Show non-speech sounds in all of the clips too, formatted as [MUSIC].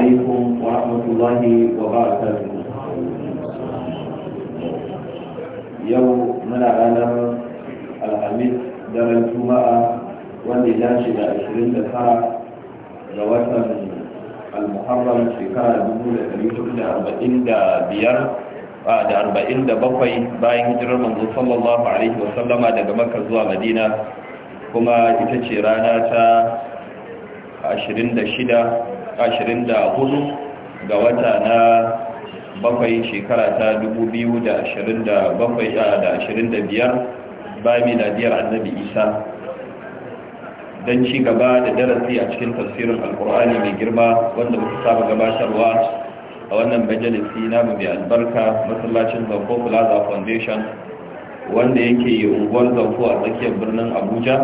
alaikum wa rahmatullahi yau muna ranar alhamis daren juma'a wanda ya shiga 29 da watan al-muharram shekara 1445 da 47 bayan hijirar manzo sallallahu alaihi wa sallama daga makka zuwa madina kuma ita ce rana ta shida. 24 ga wata na bakwai shekara ta 2025 bayan miladiyar annabi isa don ci gaba da darasi a cikin tafsirin alkur'ani mai girma wanda muka saba gabatarwa a wannan majalisi na mai albarka masallacin zanko plaza foundation wanda yake yi unguwar zanko a tsakiyar birnin abuja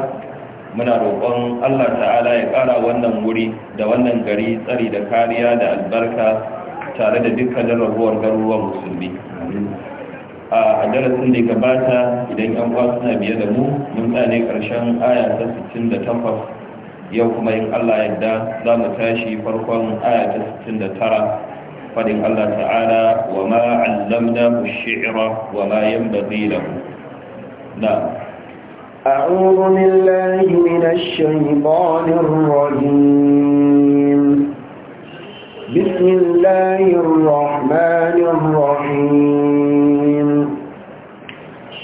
muna roƙon Allah ta'ala ya ƙara wannan wuri da wannan gari tsari da kariya da albarka tare da dukkanin raguwar garuruwan musulmi a darasin da gabata idan yan uwa suna biye da mu mun tsane ƙarshen aya ta 68 yau kuma yin Allah yadda za mu tashi farkon aya ta 69 fadin Allah ta'ala wa ma 'allamnahu ash wa ma yanbaghi lahu أعوذ بالله من الشيطان الرجيم بسم الله الرحمن الرحيم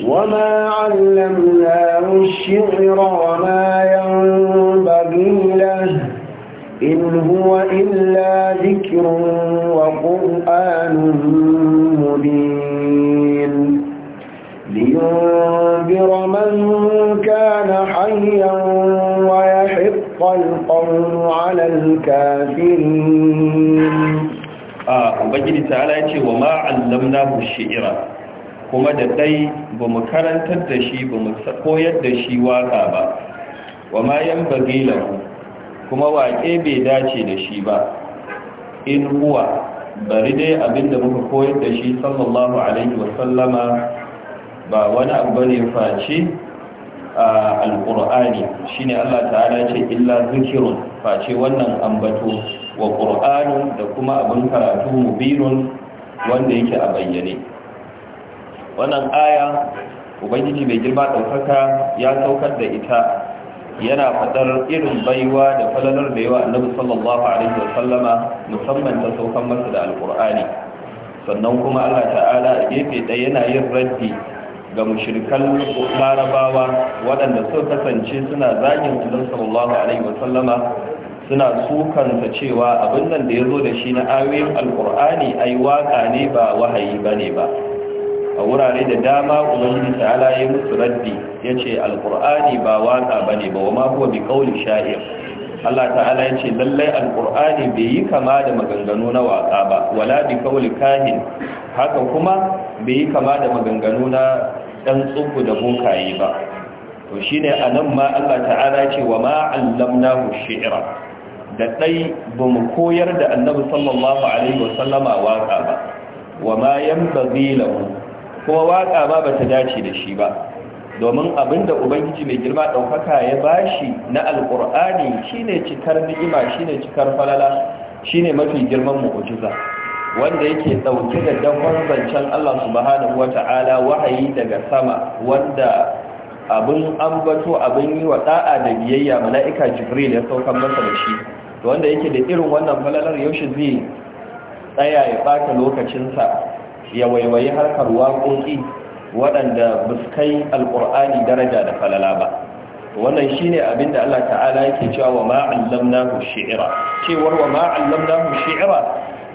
وما علمناه الشعر وما ينبغي له إن هو إلا ذكر وقرآن مبين لينذر من كان حيا ويحق القول على الكافرين ubangiji ta'ala ya ce wa ma'allam shi'ira kuma da dai ba mu karantar da shi ba mu koyar da shi waka ba wa ma yan bagilahu kuma waƙe bai dace da shi ba in huwa bari dai abinda muka koyar da shi sallallahu alaihi wasallama ba wani abu bane face a alkur'ani shine Allah ta'ala ce illa zikirun face wannan ambato wa qur'anun da kuma abin karatu mubirun wanda yake a bayyane wannan aya ubangiji mai girma ɗaukaka ya saukar da ita yana fadar irin baiwa da falalar da yawa annabi sallallahu alaihi sallama musamman ta saukan masa da alkur'ani sannan kuma Allah ta'ala a gefe ɗaya yana yin raddi ga mushirikan larabawa waɗanda suka kasance suna zagin annabi sallallahu alaihi wasallama suna sukansa cewa abin nan da ya zo da shi na ayoyin alkur'ani ai waka ne ba wahayi ba ne ba a wurare da dama ubangiji ta'ala ya musu raddi ya ce alkur'ani ba waka ba ne ba wa ma huwa bi kauli sha'ir Allah ta'ala ya ce lallai alkur'ani bai yi kama da maganganu na waka ba wala bi kauli kahin haka kuma bai yi kama da maganganu na ɗan tsuku da bunkaye ba to shi ne a nan ma Allah ta'ala ce wa na shi'ira da ɗai ba mu koyar da annabi sallallahu alaihi wasallama waƙa ba wa ma yan bazilahu kuma waƙa ba ba ta dace da shi ba domin abinda ubangiji mai girma ɗaukaka ya bashi na alƙur'ani shine cikar ni'ima shine cikar falala shine mafi girman mu'ujiza wanda yake dauke da dakon zancen Allah subhanahu ta'ala wahayi daga sama wanda abin ambato abin yi wa da'a da biyayya mala'ika jibril ya saukan masa da shi wanda yake da irin wannan falalar yaushe zai tsaya ya bata lokacinsa ya waiwayi harkar waƙoƙi waɗanda buskai alƙur'ani daraja da falala ba wannan shine abin da Allah ta'ala yake cewa wa ma'allam 'allamnahu shi'ra cewar wa shi'ra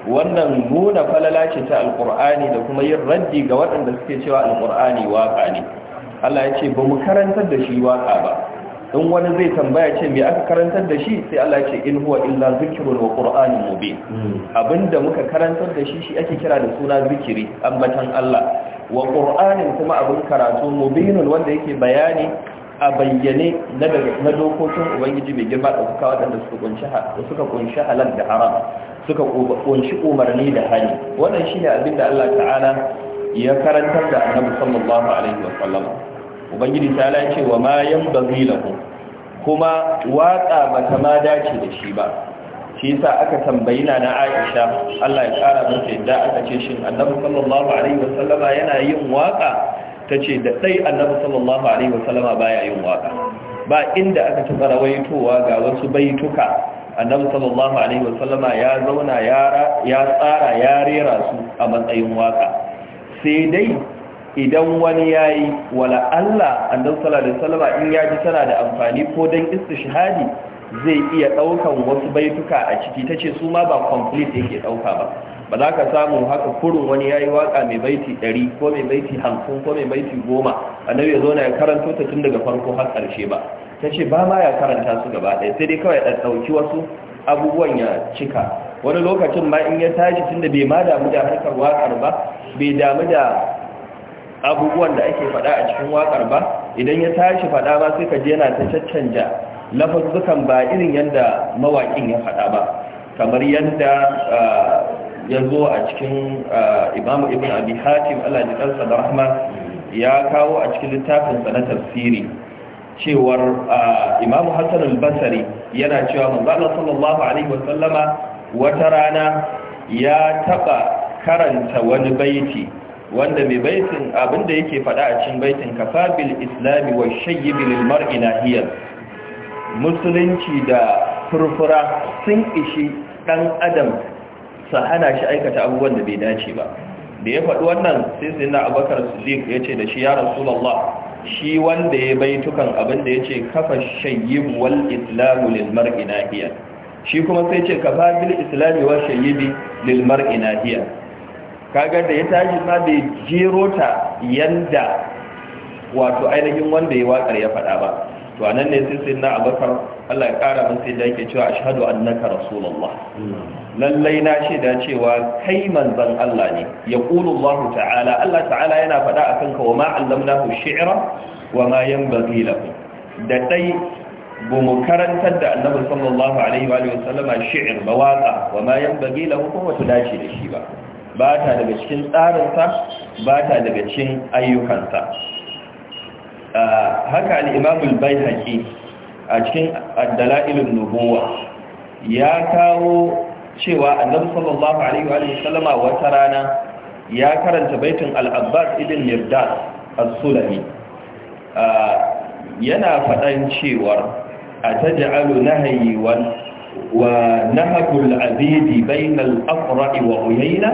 wannan nuna falala ce ta alkur'ani da kuma yin raddi ga waɗanda suke cewa alkur'ani waka ne Allah ya ce ba mu karantar da shi waka ba in wani zai tambaya ce me aka karantar da shi sai Allah ya ce in huwa illa zikrun wa qur'anun mubin abinda muka karantar da shi shi ake kira da suna zikiri ambatan Allah wa kuma abin karatu mubinun wanda yake bayani a bayyane na dokokin ubangiji mai girma da ɗaukaka waɗanda suka kunshi halal da haram suka kunshi umarni da hali wannan shi ne abinda allah ta'ala ya karantar da na annabi sallallahu alaihi wa sallam ubangiji ta ya ce wa ma yan bazilahu kuma waƙa ba ta ma dace da shi ba shi yasa aka tambayi na na Aisha Allah ya kara mata yadda aka ce shin Annabi sallallahu alaihi sallama yana yin waƙa ta ce da ɗai annabi sallallahu alaihi wasallama baya yin waka ba inda aka ci rawaitowa ga wasu baituka annabi sallallahu alaihi wasallama ya zauna ya tsara ya rera su a matsayin waka sai dai idan wani ya wala Allah annabi sallallahu alaihi wasallama in ya ji tana da amfani ko don istishhadi zai iya ɗaukan wasu baituka a ciki tace ce su ma ba complete yake ɗauka ba ba za ka samu haka kurun wani ya yi waka mai baiti ɗari ko mai baiti hamsin ko mai baiti goma nau'i ya zo ya karanto ta tun daga farko har ƙarshe ba ta ce ba ma ya karanta su gaba ɗaya sai dai kawai ɗan ɗauki wasu abubuwan ya cika wani lokacin ma in ya tashi tun da bai ma damu da harkar waƙar ba bai damu da abubuwan da ake faɗa a cikin wakar ba idan ya tashi faɗa ba sai ka je yana ta caccanja lafazzukan ba irin yadda mawaƙin ya faɗa ba kamar yadda ah, ya zo a cikin imamu ibn abi hatim Allah ya kansa da rahma ya kawo a cikin littafin sa na tafsiri cewar imamu Hassan al yana cewa manzo Allah sallallahu alaihi wa sallama wata rana ya taba karanta wani baiti wanda mai baitin abinda yake fada a cikin baitin kafabil islami wa shayyibi lil mar'i nahiyar musulunci da furfura sun ishi dan adam sa hana shi aikata abubuwan da bai dace ba da ya faɗi wannan sai sai na abakar siddiq ya ce da shi ya rasulallah shi wanda ya bai tukan abin da ya ce kafa shayyib wal islamu lil mar'i nahiya shi kuma sai ce kafa bil islami wa shayyibi lil mar'i nahiya kaga da ya tashi ma bai jero ta yanda wato ainihin wanda ya wakar ya faɗa ba to nan ne sai na abubakar Allah ya kara min sai da yake cewa ashhadu annaka rasulullah lallai na ce da cewa kai manzon Allah ne ya qulu Allah ta'ala Allah ta'ala yana faɗa akan ka wa ma allamnahu shi'ra wa ma yanbaghi lahu da dai bu mu karantar da annabi sallallahu alaihi wa sallama shi'ir ba waka wa ma yanbaghi lahu kuma ta dace da shi ba ba ta daga cikin tsarinsa ba ta daga cikin ayyukansa haka al-imam al a cikin ad nubuwa ya kawo cewa annabi sallallahu alaihi wa sallama wata rana ya karanta baitin al-abbas ibn mirdad sulami yana faɗan cewar أتجعل نهي ونهك العبيد بين الأفرع وعيينة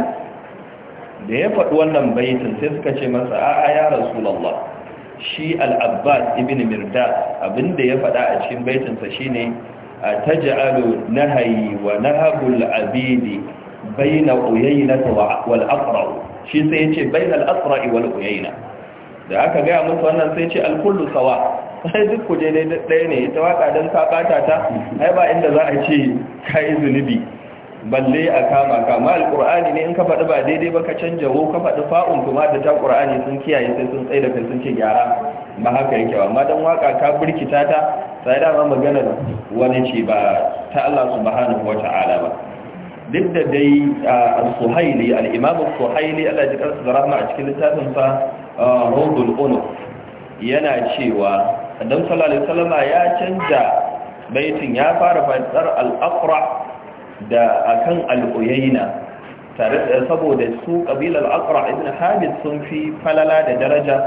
da ya faɗi wannan baitin sai suka ce masa a'a ya rasulallah shi al ibn mirda abinda ya faɗa a cikin baitinsa shine na nahayi wa nahabul abidi baina uyaynata wal aqra shi sai ce bai na aqra wal uyayna da aka gaya musu wannan sai ce al sawa sai duk kuje ne ɗaya ne ita waka dan ka bata ta ai ba inda za a ce yi zunubi balle a kama kama alƙur'ani ne in ka faɗi ba daidai ba ka canja wo ka faɗi fa'un kuma da ta ƙur'ani sun kiyaye sai sun tsaye da kai sun ce gyara ba haka yake ba amma dan waka ka birkita ta sai da ma magana wani ce ba ta Allah subhanahu wata'ala ba duk da dai al-suhaili al-imam al-suhaili Allah ya karsa rahma a cikin littafin sa Rawdul Unuf yana cewa dan sallallahu alaihi wasallama ya canja baitin ya fara fadar al-aqra da akan al'uyaina tare da saboda su kabilar akra ibn habib sun fi falala da daraja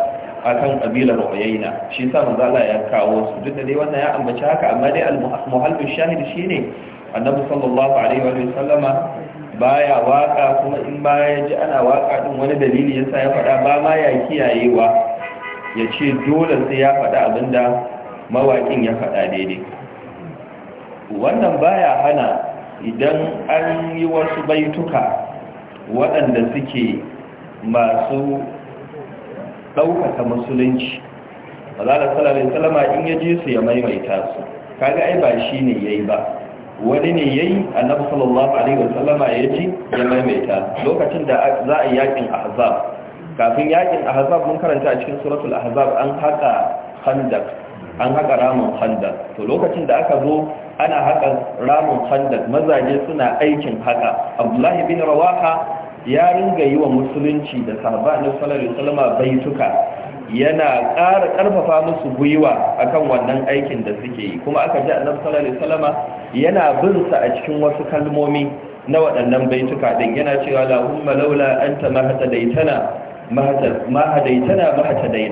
akan kabilar uyaina shi sa manzala ya kawo su duk da dai wannan ya ambaci haka amma dai al-muhallin shahid shine annabi sallallahu alaihi wa sallama baya waka kuma in baya ji ana waka din wani dalili yasa ya faɗa ba ma ya kiyayewa ya ce dole sai ya faɗa abinda mawaƙin ya faɗa daidai wannan baya hana idan an yi wasu baituka waɗanda suke masu ɗaukaka musulunci da salarin salama in ya je su ya maimaita su kaga ai ba shi ne ya yi ba wani ne ya yi annabi sallallahu alaihi wasallama ya ji ya maimaita lokacin da za a yi yakin ahzab kafin yakin ahzab mun karanta a cikin suratul ahzab an haka handak an haƙa ramin handa to lokacin da aka zo ana haƙa ramin handa mazaje suna aikin haka. abdullahi bin rawaha ya ringa yi wa musulunci da sahaba na salari salama baituka yana ƙara ƙarfafa musu gwiwa akan wannan aikin da suke yi kuma aka ji annabi salari salama yana bin sa a cikin wasu kalmomi na waɗannan baituka din yana cewa lahumma laula anta ma hatadaitana ma hatadaitana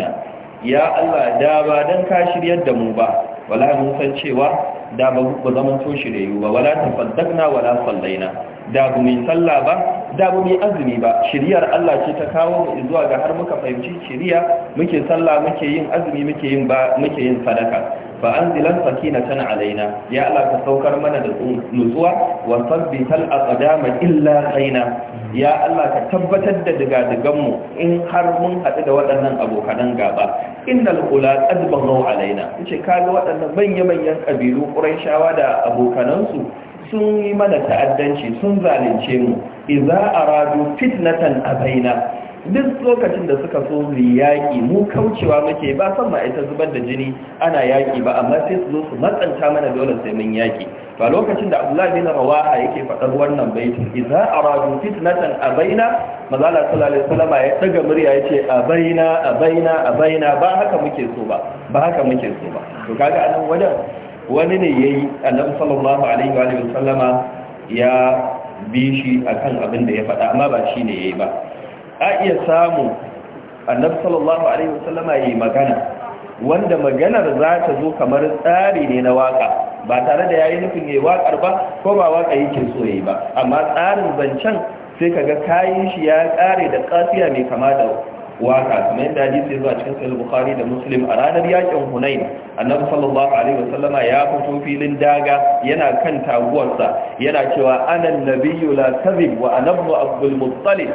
ma ya Allah da ba dan ka shiryar da mu ba wala mun san cewa da ba ku zaman to shiryu ba wala ta faddakna wala sallaina da bu mai sallah ba da bu mai azumi ba shiryar Allah ce ta kawo mu zuwa ga har muka fahimci shiriya muke sallah muke yin azumi muke yin ba muke yin sadaka fa sakina tana alaina ya Allah ka saukar mana da nutsuwa wa sabbital aqdama illa qaina ya Allah ka tabbatar da digadigan mu in har mun hadu da waɗannan abokanan gaba innal qula qad baghaw alaina yace kaga waɗannan manya-manyan kabilu quraishawa da abokanansu sun yi mana ta'addanci sun zalunce mu idza aradu fitnatan abaina duk lokacin da suka so su yaƙi mu kaucewa muke ba san ma ita zubar da jini ana yaƙi ba amma sai su zo su matsanta mana dole sai mun yaƙi ba lokacin da Abdullah bin Rawaha yake faɗar wannan baitin idza aradu fitnatan abaina mazala sallallahu alaihi wasallam ya daga murya yace abaina abaina abaina ba haka muke so ba ba haka muke so ba to kaga anan wajen wani ne yayi annabi sallallahu alaihi wa sallama ya bi shi akan abin da ya faɗa amma ba shine yayi ba a iya samu annabi sallallahu alaihi wasallama yi magana wanda maganar za ta zo kamar tsari ne na waka ba tare da yayi nufin yayi wakar ba ko ba waka yake so yayi ba amma tsarin zancen sai kaga kayan shi ya kare da kafiya mai kama da waka kamar yadda hadisi ya zo a cikin sahih bukhari da muslim a ranar yakin hunain annabi sallallahu alaihi wasallama ya fito filin daga yana kan taguwarsa yana cewa anan nabiyyu la kadhib wa Anabu muttalib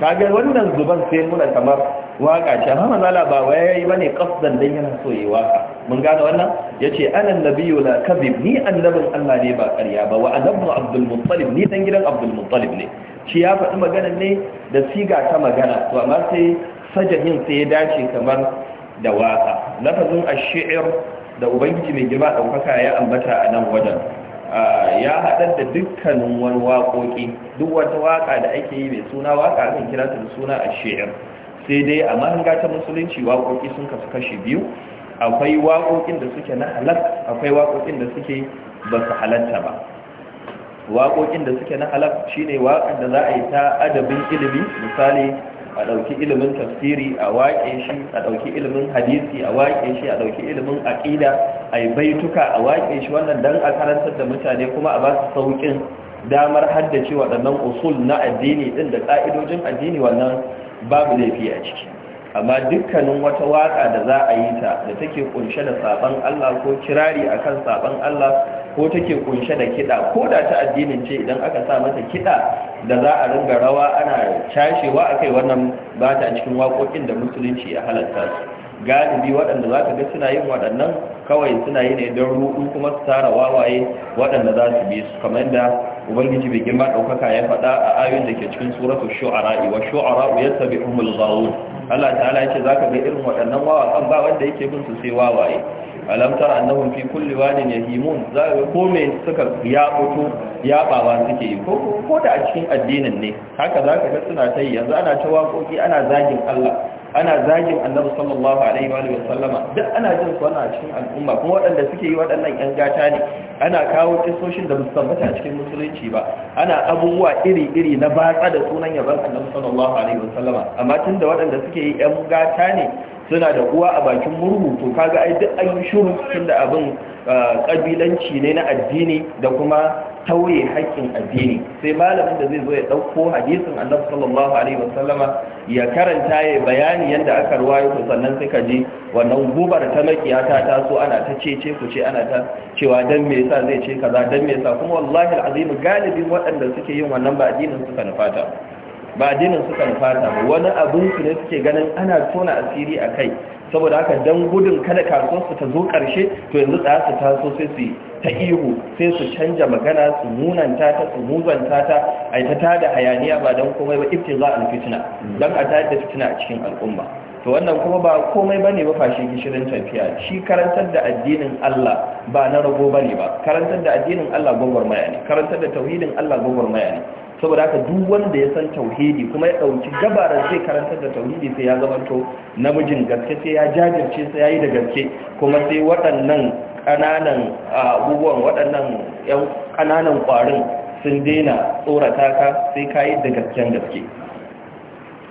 ga wannan zuban sai muna kamar waka ce amma zala ba yi bane qasdan dan yana so yi waka mun gane wannan yace ana nabiyyu la kadhib ni annabin Allah ne ba ƙarya ba wa annabi Abdul Muttalib ni dan gidan Abdul Muttalib ne shi ya faɗi magana ne da siga ta magana to amma sai sajadin sai ya dace kamar da waka lafazin ash-shi'r da ubangiji mai girma daukaka ya ambata a nan wajen haɗar da dukkanin wani waƙoƙi duk wata waƙa da ake yi mai suna waƙa kan kira ta da suna a shiar sai dai a mahanga ta musulunci waƙoƙi sun kasu kashi biyu akwai waƙoƙin da suke na halal akwai waƙoƙin da suke ba su halatta ba waƙoƙin da suke na halal shine waƙar da za a yi ta adabin ilimi misali a ɗauki ilimin tafsiri a waƙe shi a ɗauki ilimin hadisi a waƙe shi a ɗauki ilimin aƙida a yi baituka a waƙe shi wannan don a karantar da mutane kuma a ba su sauƙin damar haddace waɗannan usul na addini ɗin da ƙa'idojin addini wannan babu laifi a ciki amma dukkanin wata waka da za a yi ta da take kunshe da saban Allah ko kirari akan saban Allah ko take kunshe da kida ko da ta addinin ce idan aka sa mata kida da za a ringa rawa ana cashewa a kai wannan ba ta cikin waƙoƙin da musulunci ya halatta su galibi waɗanda za ka ga suna yin waɗannan kawai suna yi ne don ruɗu kuma su tara wawaye waɗanda za su bi su kamar da ubangiji bai girma ɗaukaka ya faɗa a ayoyin da ke cikin suratul shu'ara wa shu'ara ya sabi umul ghawu Allah ta'ala yace zaka ga irin waɗannan wawakan ba wanda yake bin su sai wawaye alam tara annahum fi kulli wadin yahimun za ga ko suka ya fito suke yi ko da a cikin addinin ne haka zaka ga suna ta yi yanzu ana ta waƙoƙi ana zagin Allah ana zagin annabi sallallahu alaihi wa sallama duk ana jin su ana cikin al'umma kuma waɗanda suke yi waɗannan yan gata ne ana kawo kisoshin da musabbata a cikin musulunci ba ana abubuwa iri-iri na batsa da sunan yaban annabi sallallahu alaihi wa sallama amma tun da waɗanda suke yi yan gata ne suna da uwa a bakin murhu to kaga ai duk an shiru tun da abin kabilanci ah, ne na addini da kuma tauye haƙƙin addini sai malamin da zai zo ya ɗauko hadisin annabi sallallahu alaihi wasallama ya karanta ya bayani yadda aka ruwayo sannan sai ka ji wannan gubar ta makiya ta taso ana ta cece ku ce ana ta cewa dan me yasa zai ce kaza dan me yasa kuma wallahi alazim galibin waɗanda suke yin wannan ba addinin suka nufata ba addinin su kan ba wani abin su ne suke ganin ana tona asiri a kai saboda haka dan gudun kada kasuwar su ta zo karshe to yanzu tsaya su taso sai su ta ihu sai su canja magana su munanta ta su muzanta ta a ta tada hayaniya ba dan komai ba za a fitina, dan a tada da fitina a cikin al'umma to wannan kuma ba komai bane ba fashe gishirin tafiya shi karantar da addinin Allah ba na rago bane ba karantar da addinin Allah gogor maya ne karantar da tauhidin Allah gogor maya ne saboda haka duk wanda ya san tauhidi kuma ya dauki gabarar zai karanta da tauhidi sai ya zamanto namijin gaske sai ya jajirce sai ya yi da gaske kuma sai waɗannan ƙananan abubuwan waɗannan ƙananan ƙwarin sun daina tsorata ka sai ka yi da gasken gaske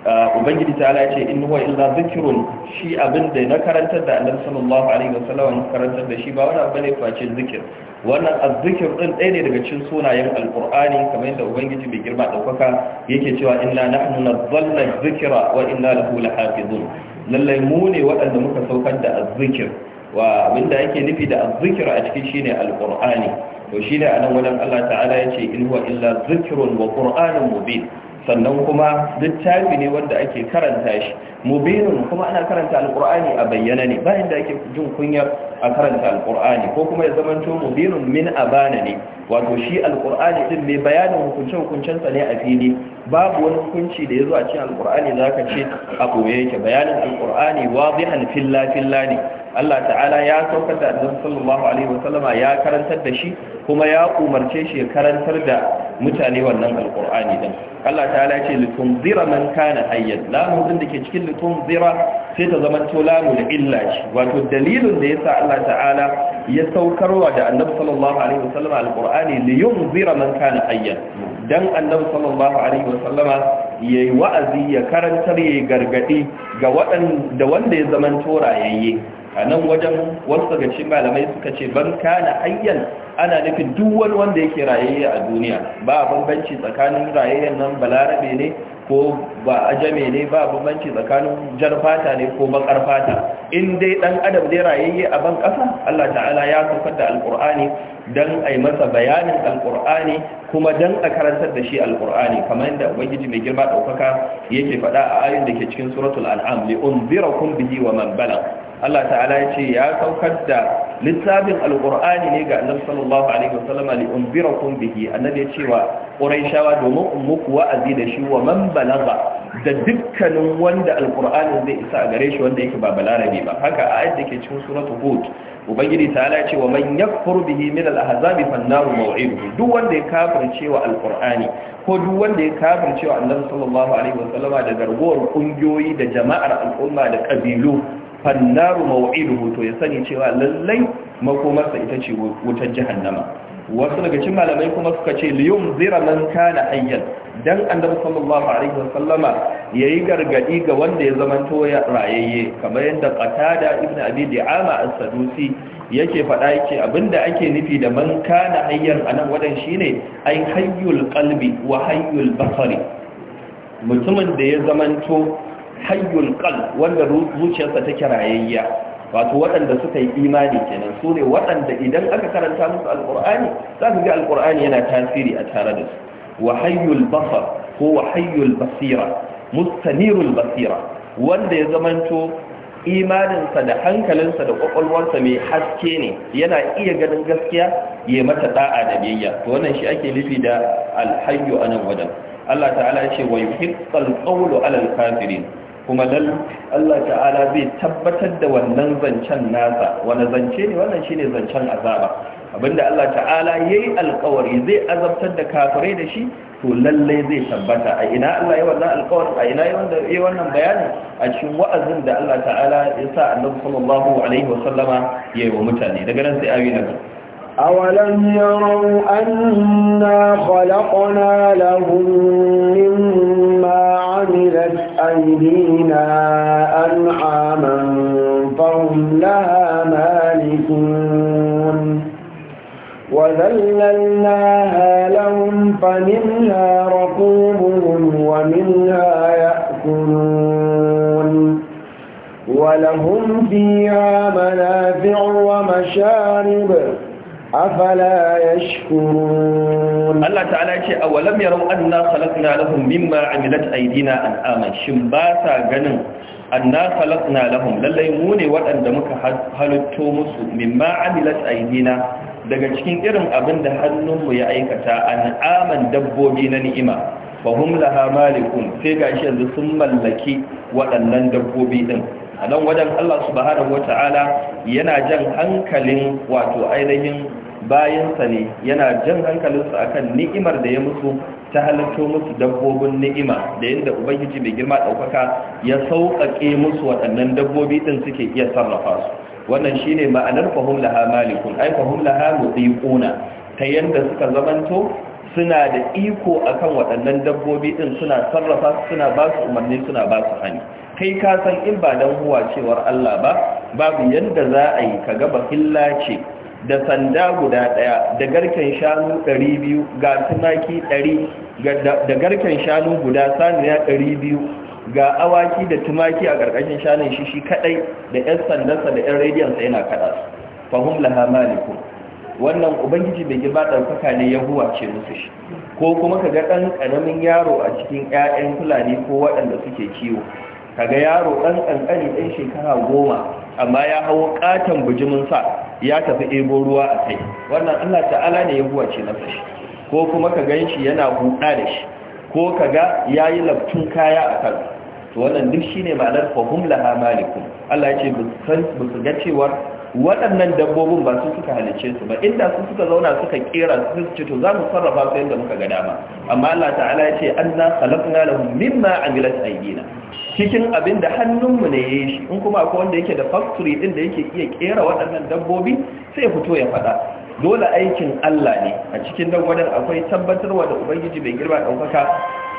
Uh, ubangiji ta ce in huwa illa zikrun shi abin da na karantar da annabi sallallahu alaihi wasallam na karantar da shi ba wani abu ne face zikir wannan azzikir din ɗaya ne daga cikin sunayen alqur'ani kamar yadda ubangiji mai girma daukaka yake cewa inna nahnu nazzalna dhikra wa inna lahu lahafizun lallai mu ne waɗanda muka saukar da azzikir wa abinda yake nufi da azzikir a cikin shine alqur'ani to shine anan wajen Allah ta'ala yace in huwa illa zikrun wa qur'anun mubin sannan kuma littafi ne wanda ake karanta shi mubinin kuma ana karanta alkur'ani a bayyana ne bayan da ake jin kunyar a karanta alkur'ani ko kuma ya zamanto mubinin min abana ne wato shi alkur'ani din mai bayanin hukunce hukuncensa ne a fili babu wani hukunci da ya zo a cikin alkur'ani za ka ce a ɓoye yake bayanin alkur'ani wadihan filla filla ne Allah ta'ala ya saukar da annabi sallallahu alaihi wasallama ya karantar da shi kuma ya umarce shi ya karantar da mutane wannan alkur'ani din Allah ta'ala ce litun zira man kana hayyan lamu din dake cikin litun zira sai ta zama to lamu da illa shi wato dalilin da yasa Allah ta'ala ya saukarwa da Annabi sallallahu alaihi wasallam alkur'ani li yunzira man kana hayyan dan Annabi sallallahu alaihi wasallam yayi wa'azi ya karantar yayi gargadi ga waɗanda wanda ya zama to rayayye a nan wajen wasu daga cikin malamai suka ce ban kana hayyan ana nufin duk wani wanda yake rayayya a duniya ba bambanci tsakanin rayayyen nan balarabe ne ko ba ajame ne ba bambanci tsakanin jar fata ne ko bakar fata in dai dan adam dai rayayye a ban kasa Allah ta'ala ya saukar da alqur'ani dan ai masa bayanin alqur'ani kuma dan a karantar da shi alqur'ani kamar yadda ubangiji mai girma daukaka yake faɗa a ayoyin da ke cikin suratul an'am li unzirakum bihi wa man balagh Allah ta'ala ya ce ya saukar da littafin alƙurani ne ga annabi sallallahu alaihi wasallam li unzirakum bihi annabi ya ce wa quraishawa domin ummuku wa'azi da shi wa man balaga da dukkanin wanda alqur'ani zai isa a gare shi wanda yake ba Balarabi ba haka a ayat cikin suratul hud ubangiji ta'ala ya ce wa man yakfur bihi min al-ahzabi fannaru naru maw'iduhu duk wanda ya kafirce wa alqur'ani ko duk wanda ya kafirce wa annabi sallallahu alaihi wasallama da garguwar kungiyoyi da jama'ar al'umma da kabilu fannaru maw'iduhu to ya sani cewa lallai makomarsa ita ce wutar jahannama wasu daga cin malamai kuma suka ce liyun zira man kana hayyan dan annabi sallallahu alaihi wasallama yayi gargadi ga wanda ya zamanto ya rayayye kamar yadda qatada ibn abi du'ama as-sadusi yake faɗa yake abinda ake nufi da man kana hayyan anan wadan shine ai hayyul qalbi wa hayyul basari mutumin da ya zamanto hayyul kal wanda zuciyarsa take rayayya wato waɗanda suka yi imani kenan su ne waɗanda idan aka karanta musu alqur'ani za ka ga alqur'ani yana tasiri a tare da su wa hayyul basar ko wa hayyul basira mustanirul basira wanda ya zamanto imaninsa da hankalinsa da ƙwaƙwalwarsa mai haske ne yana iya ganin gaskiya ya mata ɗa'a da biyayya to wannan shi ake nufi da alhayyu nan wajen Allah ta'ala ya ce wa yuhiqqal qawlu 'alal kafirin kuma dan Allah ta'ala zai tabbatar da wannan zancen nasa wani zance ne wannan shine zancen azaba abinda Allah ta'ala yayi alƙawari zai azabtar da kafirai da shi to lalle zai tabbata a ina Allah ya wannan alƙawarin a ina ya wannan bayanin a cikin wa'azin da Allah ta'ala ya sa Annabi sallallahu alaihi wa sallama yayi wa mutane daga nan sai ayi nan أولم يروا أنا خلقنا لهم مما عملت أيدينا أنعاما فهم لها مالكون وذللناها لهم فمنها ركوبهم ومنها يأكلون ولهم فيها منافع ومشارب afala ya shukurun Allah ta'ala ce a walam ya rau an nasalat na lahun mimma amilat aidina al'aman shi ba sa ganin an nasalat na lahun lallai mu ne waɗanda muka halittu musu mimma amilat aidina daga cikin irin abin da hannunmu ya aikata al'aman dabbobi na ni'ima ba hun sai ga sun mallaki waɗannan dabbobi ɗin a nan wajen Allah subhanahu ta'ala yana jan hankalin wato ainihin bayansa ne yana jan hankalinsu akan ni'imar da ya musu ta halatto musu dabbobin ni'ima da yadda ubangiji mai girma ɗaukaka ya sauƙaƙe musu waɗannan dabbobi ɗin suke iya sarrafa su wannan shine ma'anar fahim laha malikun ai fahim laha mutiquna ta yadda suka zamanto suna da iko akan waɗannan dabbobi ɗin suna sarrafa suna ba su umarni suna ba su hani kai ka san in ba dan huwa cewar Allah ba babu yadda za a yi kaga ba ce da sanda guda ɗaya da garken shanu ɗari ga tumaki ɗari da garken shanu guda saniya ɗari ga awaki da tumaki a ƙarƙashin shanun shi shi kaɗai da 'yan sandansa da 'yan rediyonsa yana kada su fahim laha maliku wannan ubangiji bai girba ɗaukaka ne ya huwace musu shi ko kuma ka ga ɗan ƙaramin yaro a cikin 'ya'yan fulani ko waɗanda suke kiwo kaga yaro ɗan ƙanƙani ɗan shekara goma amma ya hawo ƙaton bujiminsa ya tafi ebo ruwa a kai wannan allah ta'ala ne ya huwace na fashi. ko kuma ka gan shi yana huɗa da shi ko kaga ya yi laftun kaya a kan to wannan duk shi ne ma'anar fahim laha malikun allah ya ce ba su ga cewar waɗannan dabbobin ba su suka halice su ba inda su suka zauna suka kera su ce to za mu sarrafa su yadda muka ga dama amma Allah ta'ala ya ce anna khalaqna lahum mimma amilat aydina cikin abin da hannunmu ne ya yi shi in kuma akwai wanda yake da factory din da yake iya kera waɗannan dabbobi sai fito ya faɗa dole aikin Allah ne a cikin nan wadan akwai tabbatarwa da ubangiji mai girma ɗaukaka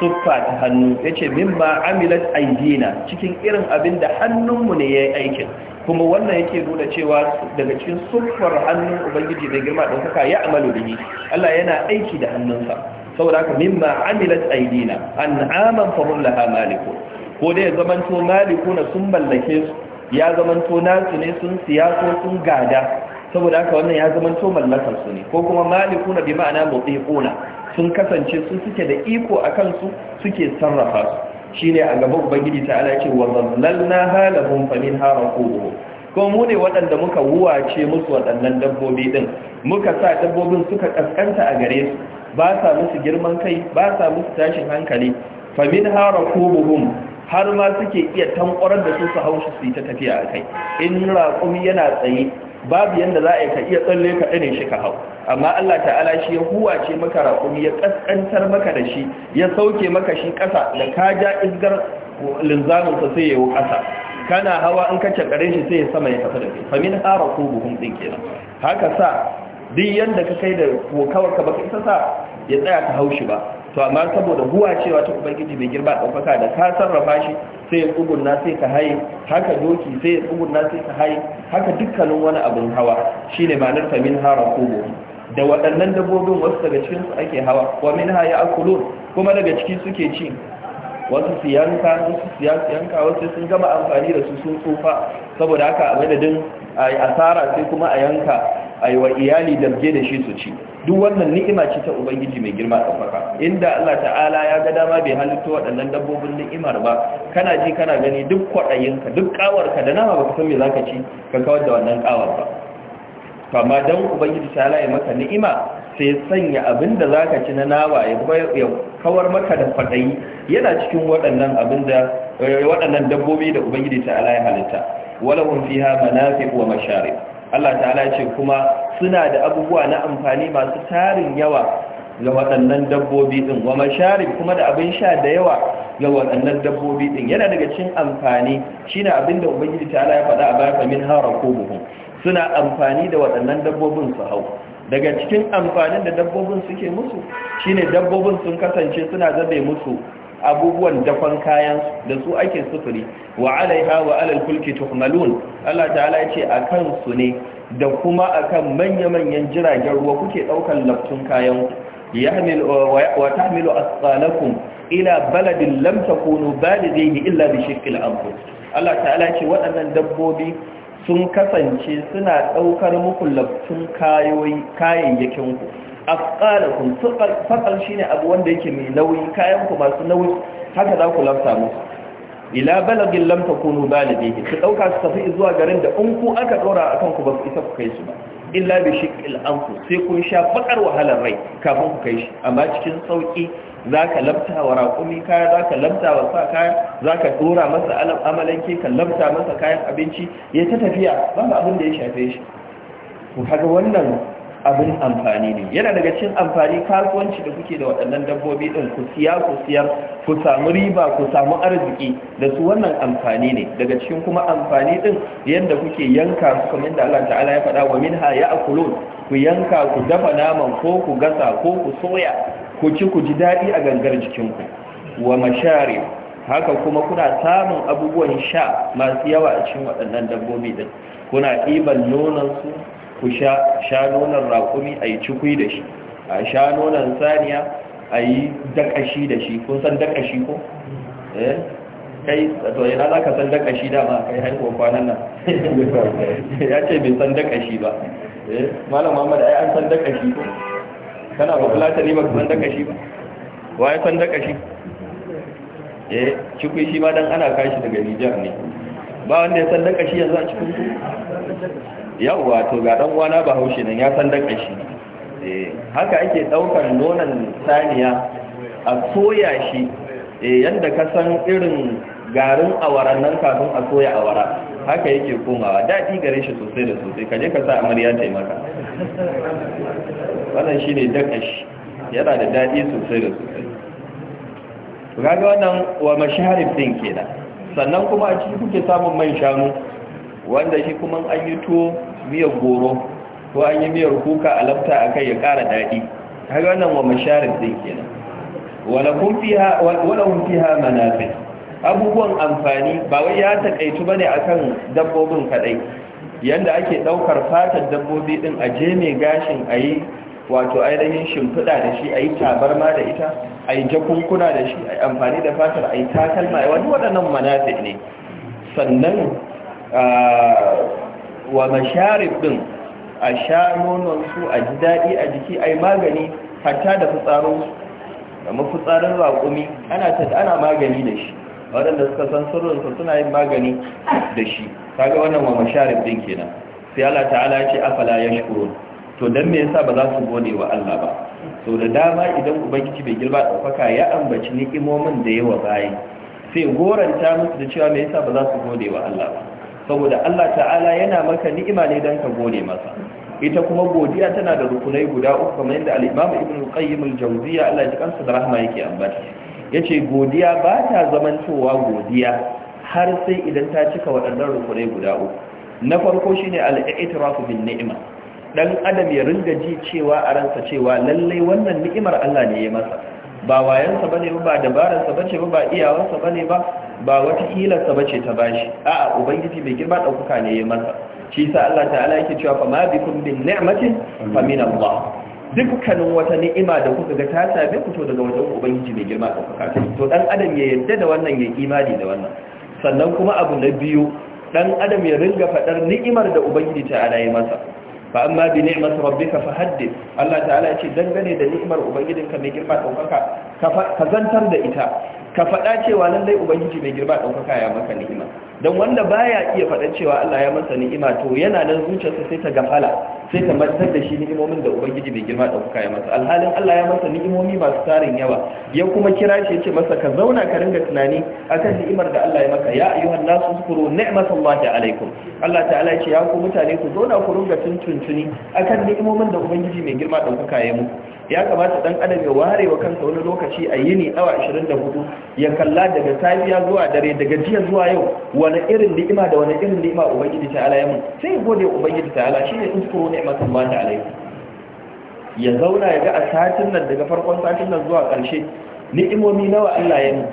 suffa ta hannu ya ce mimma amilat aidina cikin irin abin da hannunmu ne ya yi aikin kuma wannan yake nuna cewa daga cikin suffar hannun ubangiji mai girma ɗaukaka ya amalu da Allah yana aiki da hannunsa saboda haka mimma amilat aidina an'aman fahum laha malikun ko dai ya Maliku na sun mallake su ya zamanto nasu ne sun siya ko sun gada saboda haka wannan ya zamanto mallakar su ne ko kuma Maliku malikuna bi ma'ana mutiquna sun kasance su suke da iko a su suke sarrafa su shine a gaba ubangiji ta ala ce wa zallalna halahum fa min haraquhu ko mu ne waɗanda muka wuwace musu waɗannan dabbobi din muka sa dabbobin suka kaskanta a gare su ba sa musu girman kai ba sa musu tashin hankali famin hara kubuhum har ma suke iya tankwarar da su su haushi su yi ta tafiya a kai in raƙumi yana tsaye babu yadda za a iya tsalle ka ɗane shi ka hau amma Allah ta'ala shi ya huwa ce maka raƙumi ya ƙasƙantar maka da shi ya sauke maka shi ƙasa da ka ja izgar linzaminsa sai ya yi ƙasa kana hawa in ka cakare shi sai ya sama ya tafi da kai famin hara kubuhum ɗin kenan haka sa duk yadda ka kai da ba baka isa sa ya tsaya ka haushi ba to amma saboda huwa cewa ta ubangiji bai girba ɗaukaka da ka sarrafa shi sai ya tsugunna sai ka haye haka doki sai ya tsugunna sai ka haye haka dukkanin wani abin hawa shine ma'anar ta min hara kogo da waɗannan dabbobin wasu daga cikinsu ake hawa wa min haya akulun kuma daga ciki suke ci wasu su yanka wasu su wasu sun gama amfani da su sun tsufa saboda haka a madadin a yi asara sai kuma a yanka a yi wa iyali dalge da shi su ci duk wannan ni'ima ce ta ubangiji mai girma ɗaukaka inda allah ta'ala ya ga dama bai halitta waɗannan dabbobin ni'imar ba kana ji kana gani duk kwaɗayinka duk ƙawarka da nama ba ka san me za ka ci ka kawar da wannan ƙawar ba to amma don ubangiji ta ya maka ni'ima sai sanya abin da za ka ci na nawa ya kawar maka da kwaɗayi yana cikin waɗannan eh, dabbobi da ubangiji ta ala ya halitta walahun fi ha manafi wa mashari Allah ta'ala ya ce kuma suna da abubuwa na amfani masu tarin yawa ga waɗannan dabbobi ɗin wa mashari kuma da abin sha da yawa ga waɗannan dabbobi ɗin yana daga cikin amfani shine abin da ubangiji ta ala ya faɗa a baya min hara ko buhun suna amfani da waɗannan dabbobin su hau daga cikin amfanin da dabbobin suke musu shine dabbobin sun kasance suna zabe musu abubuwan dafan kayan da su ake sufuri wa alaiha wa alal fulki tuhmalun Allah ta'ala ya ce akan su ne da kuma akan manya-manyan jiragen ruwa kuke daukan laftun kayan yahmil wa tahmilu asqalakum ila baladin lam takunu balighihi illa bi shiqqil anfus Allah ta'ala ce waɗannan dabbobi sun kasance suna ɗaukar muku labtun kayayyakin ku Fasal shi shine abu wanda yake mai nauyi kayanku masu nauyi haka za ku lafta musu ila balagin lam takunu balighi su ɗauka su tafi zuwa garin da in ku aka ɗora akan ku ba su isa ku kai su ba illa bi shiqqil sai kun sha bakar wahalar rai kafin ku kai shi amma cikin sauƙi. za ka lamta wa raƙumi kaya za ka lamta wa sa kaya za ka ɗora masa amalanke ka lamta masa kayan abinci ya ta tafiya ba abin da ya shafe shi ku kaga wannan abin amfani ne yana daga cikin amfani kasuwanci da kuke da waɗannan dabbobi ɗin ku siya ku siyar ku samu riba ku samu arziki da su wannan amfani ne daga cikin kuma amfani ɗin yadda kuke yanka su kamar da Allah ta'ala ya faɗa wa minha akulun ku yanka ku dafa naman ko ku gasa ko ku soya ku ci ku ji daɗi a gangar jikinku wa mashari haka kuma kuna samun abubuwan sha masu yawa a cikin waɗannan dabbobi ɗin kuna ɗiban nonansu ku sha sha nonon raƙumi a yi cikui da shi a sha nonon saniya a yi dakashi da shi kun san dakashi ko? Eh? kai to yana za ka san dakashi dama kai haihuwa kwanan nan [LAUGHS] ya ce bai san dakashi ba eh malam muhammad ai an san dakashi ko? kana ba fulata ne baka san daka shi ba waye san daka shi eh cikin shi ma dan ana kashi daga Niger ne ba wanda ya san daka shi yanzu a cikin su yawa to ga dan uwana ba haushi nan ya san daka shi eh haka ake daukar nonon saniya a soya shi eh yanda ka san irin garin awaran nan kafin a soya awara haka yake komawa daɗi gare shi sosai da sosai kaje ka sa amarya maka. wannan shi ne dakashi yana da daɗi sosai da sosai gaga wannan wa masharif din kenan sannan kuma a ciki kuke samun man shanu wanda shi kuma an yi tuwo miyar goro ko an yi miyar kuka a lafta a kai ya ƙara daɗi gaga wannan wa masharif din kenan wala kun fiha manafi abubuwan amfani ba wai ya takaitu a kan dabbobin kadai yanda ake ɗaukar fatar dabbobi din a je mai gashin yi. wato ainihin shimfiɗa da shi a yi tabarma da ita a yi jakunkuna da shi a yi amfani da fatar a yi takalma a wani waɗannan manafi ne sannan wa masharif ɗin a sha nonon su, a ji daɗi a jiki a yi magani hatta da fitsarinsu da mafitsarin raƙumi ana magani da shi waɗanda suka san sirrinsa suna yin magani da shi kaga wannan wa masharif ɗin kenan sai Allah ta'ala ce afala yashkurun to dan me yasa ba za su gode wa Allah ba to da dama idan ubangiji bai girba daukaka ya ambaci ni'imomin da yawa bayi sai goranta musu da cewa me yasa ba za su gode wa Allah ba saboda Allah ta'ala yana maka ni'ima ne dan ka gode masa ita kuma godiya tana da rukunai guda uku kamar yadda al-Imam Ibn qayyim al-Jawziyya Allah ya kansa da rahma yake ambata yace godiya ba ta zamantowa godiya har sai idan ta cika waɗannan rukunai guda uku na farko shine al-i'tirafu bin ni'ima dan adam ya ringa ji cewa a ransa cewa lallai wannan ni'imar Allah ne ya masa ba wayansa bane ba sa bace ba ba iyawarsa bane ba ba wata sa bace ta bashi a'a ubangiji mai girma dauka ne ya masa shi sa Allah ta'ala yake cewa fa ma bikum bin ni'matin fa min Allah dukkanin wata ni'ima da kuka ga ta same ku to daga wajen ubangiji mai girma dauka to dan adam ya yadda da wannan ya imani da wannan sannan kuma abu na biyu dan adam ya ringa fadar ni'imar da ubangiji ta'ala ya masa fa amma bi ni'mat rabbika fahaddith Allah ta'ala ya ce dangane da ni'imar ubangijinka mai girma daukaka ka zantar da ita ka faɗa cewa nan lallai ubangiji mai girma ɗaukaka ya maka ni'ima don wanda baya iya faɗa cewa Allah ya masa ni'ima to yana nan zuciyarsa sai ta gafala sai ta mantar da shi ni'imomin da ubangiji mai girma ɗaukaka ya masa alhalin Allah ya masa ni'imomi masu tarin yawa ya kuma kira shi ya ce masa ka zauna ka ringa tunani akan ni'imar da Allah ya maka ya ayyuhan nasu zkuru ni'matullahi alaikum Allah ta'ala ya ce ya ku mutane ku zauna ku ringa tuntuntuni akan ni'imomin da ubangiji mai girma ɗaukaka ya muku ya kamata dan adam ya ware wa kansa wani lokaci a yini awa 24 ya kalla daga safiya zuwa dare daga jiya zuwa yau wani irin ni'ima da wani irin ni'ima ubangiji ta ya mun sai gode ubangiji shi shine in ne ni'matan ba ta alaikum ya zauna ya ga a satin nan daga farkon satin nan zuwa karshe ni'imomi nawa Allah ya mun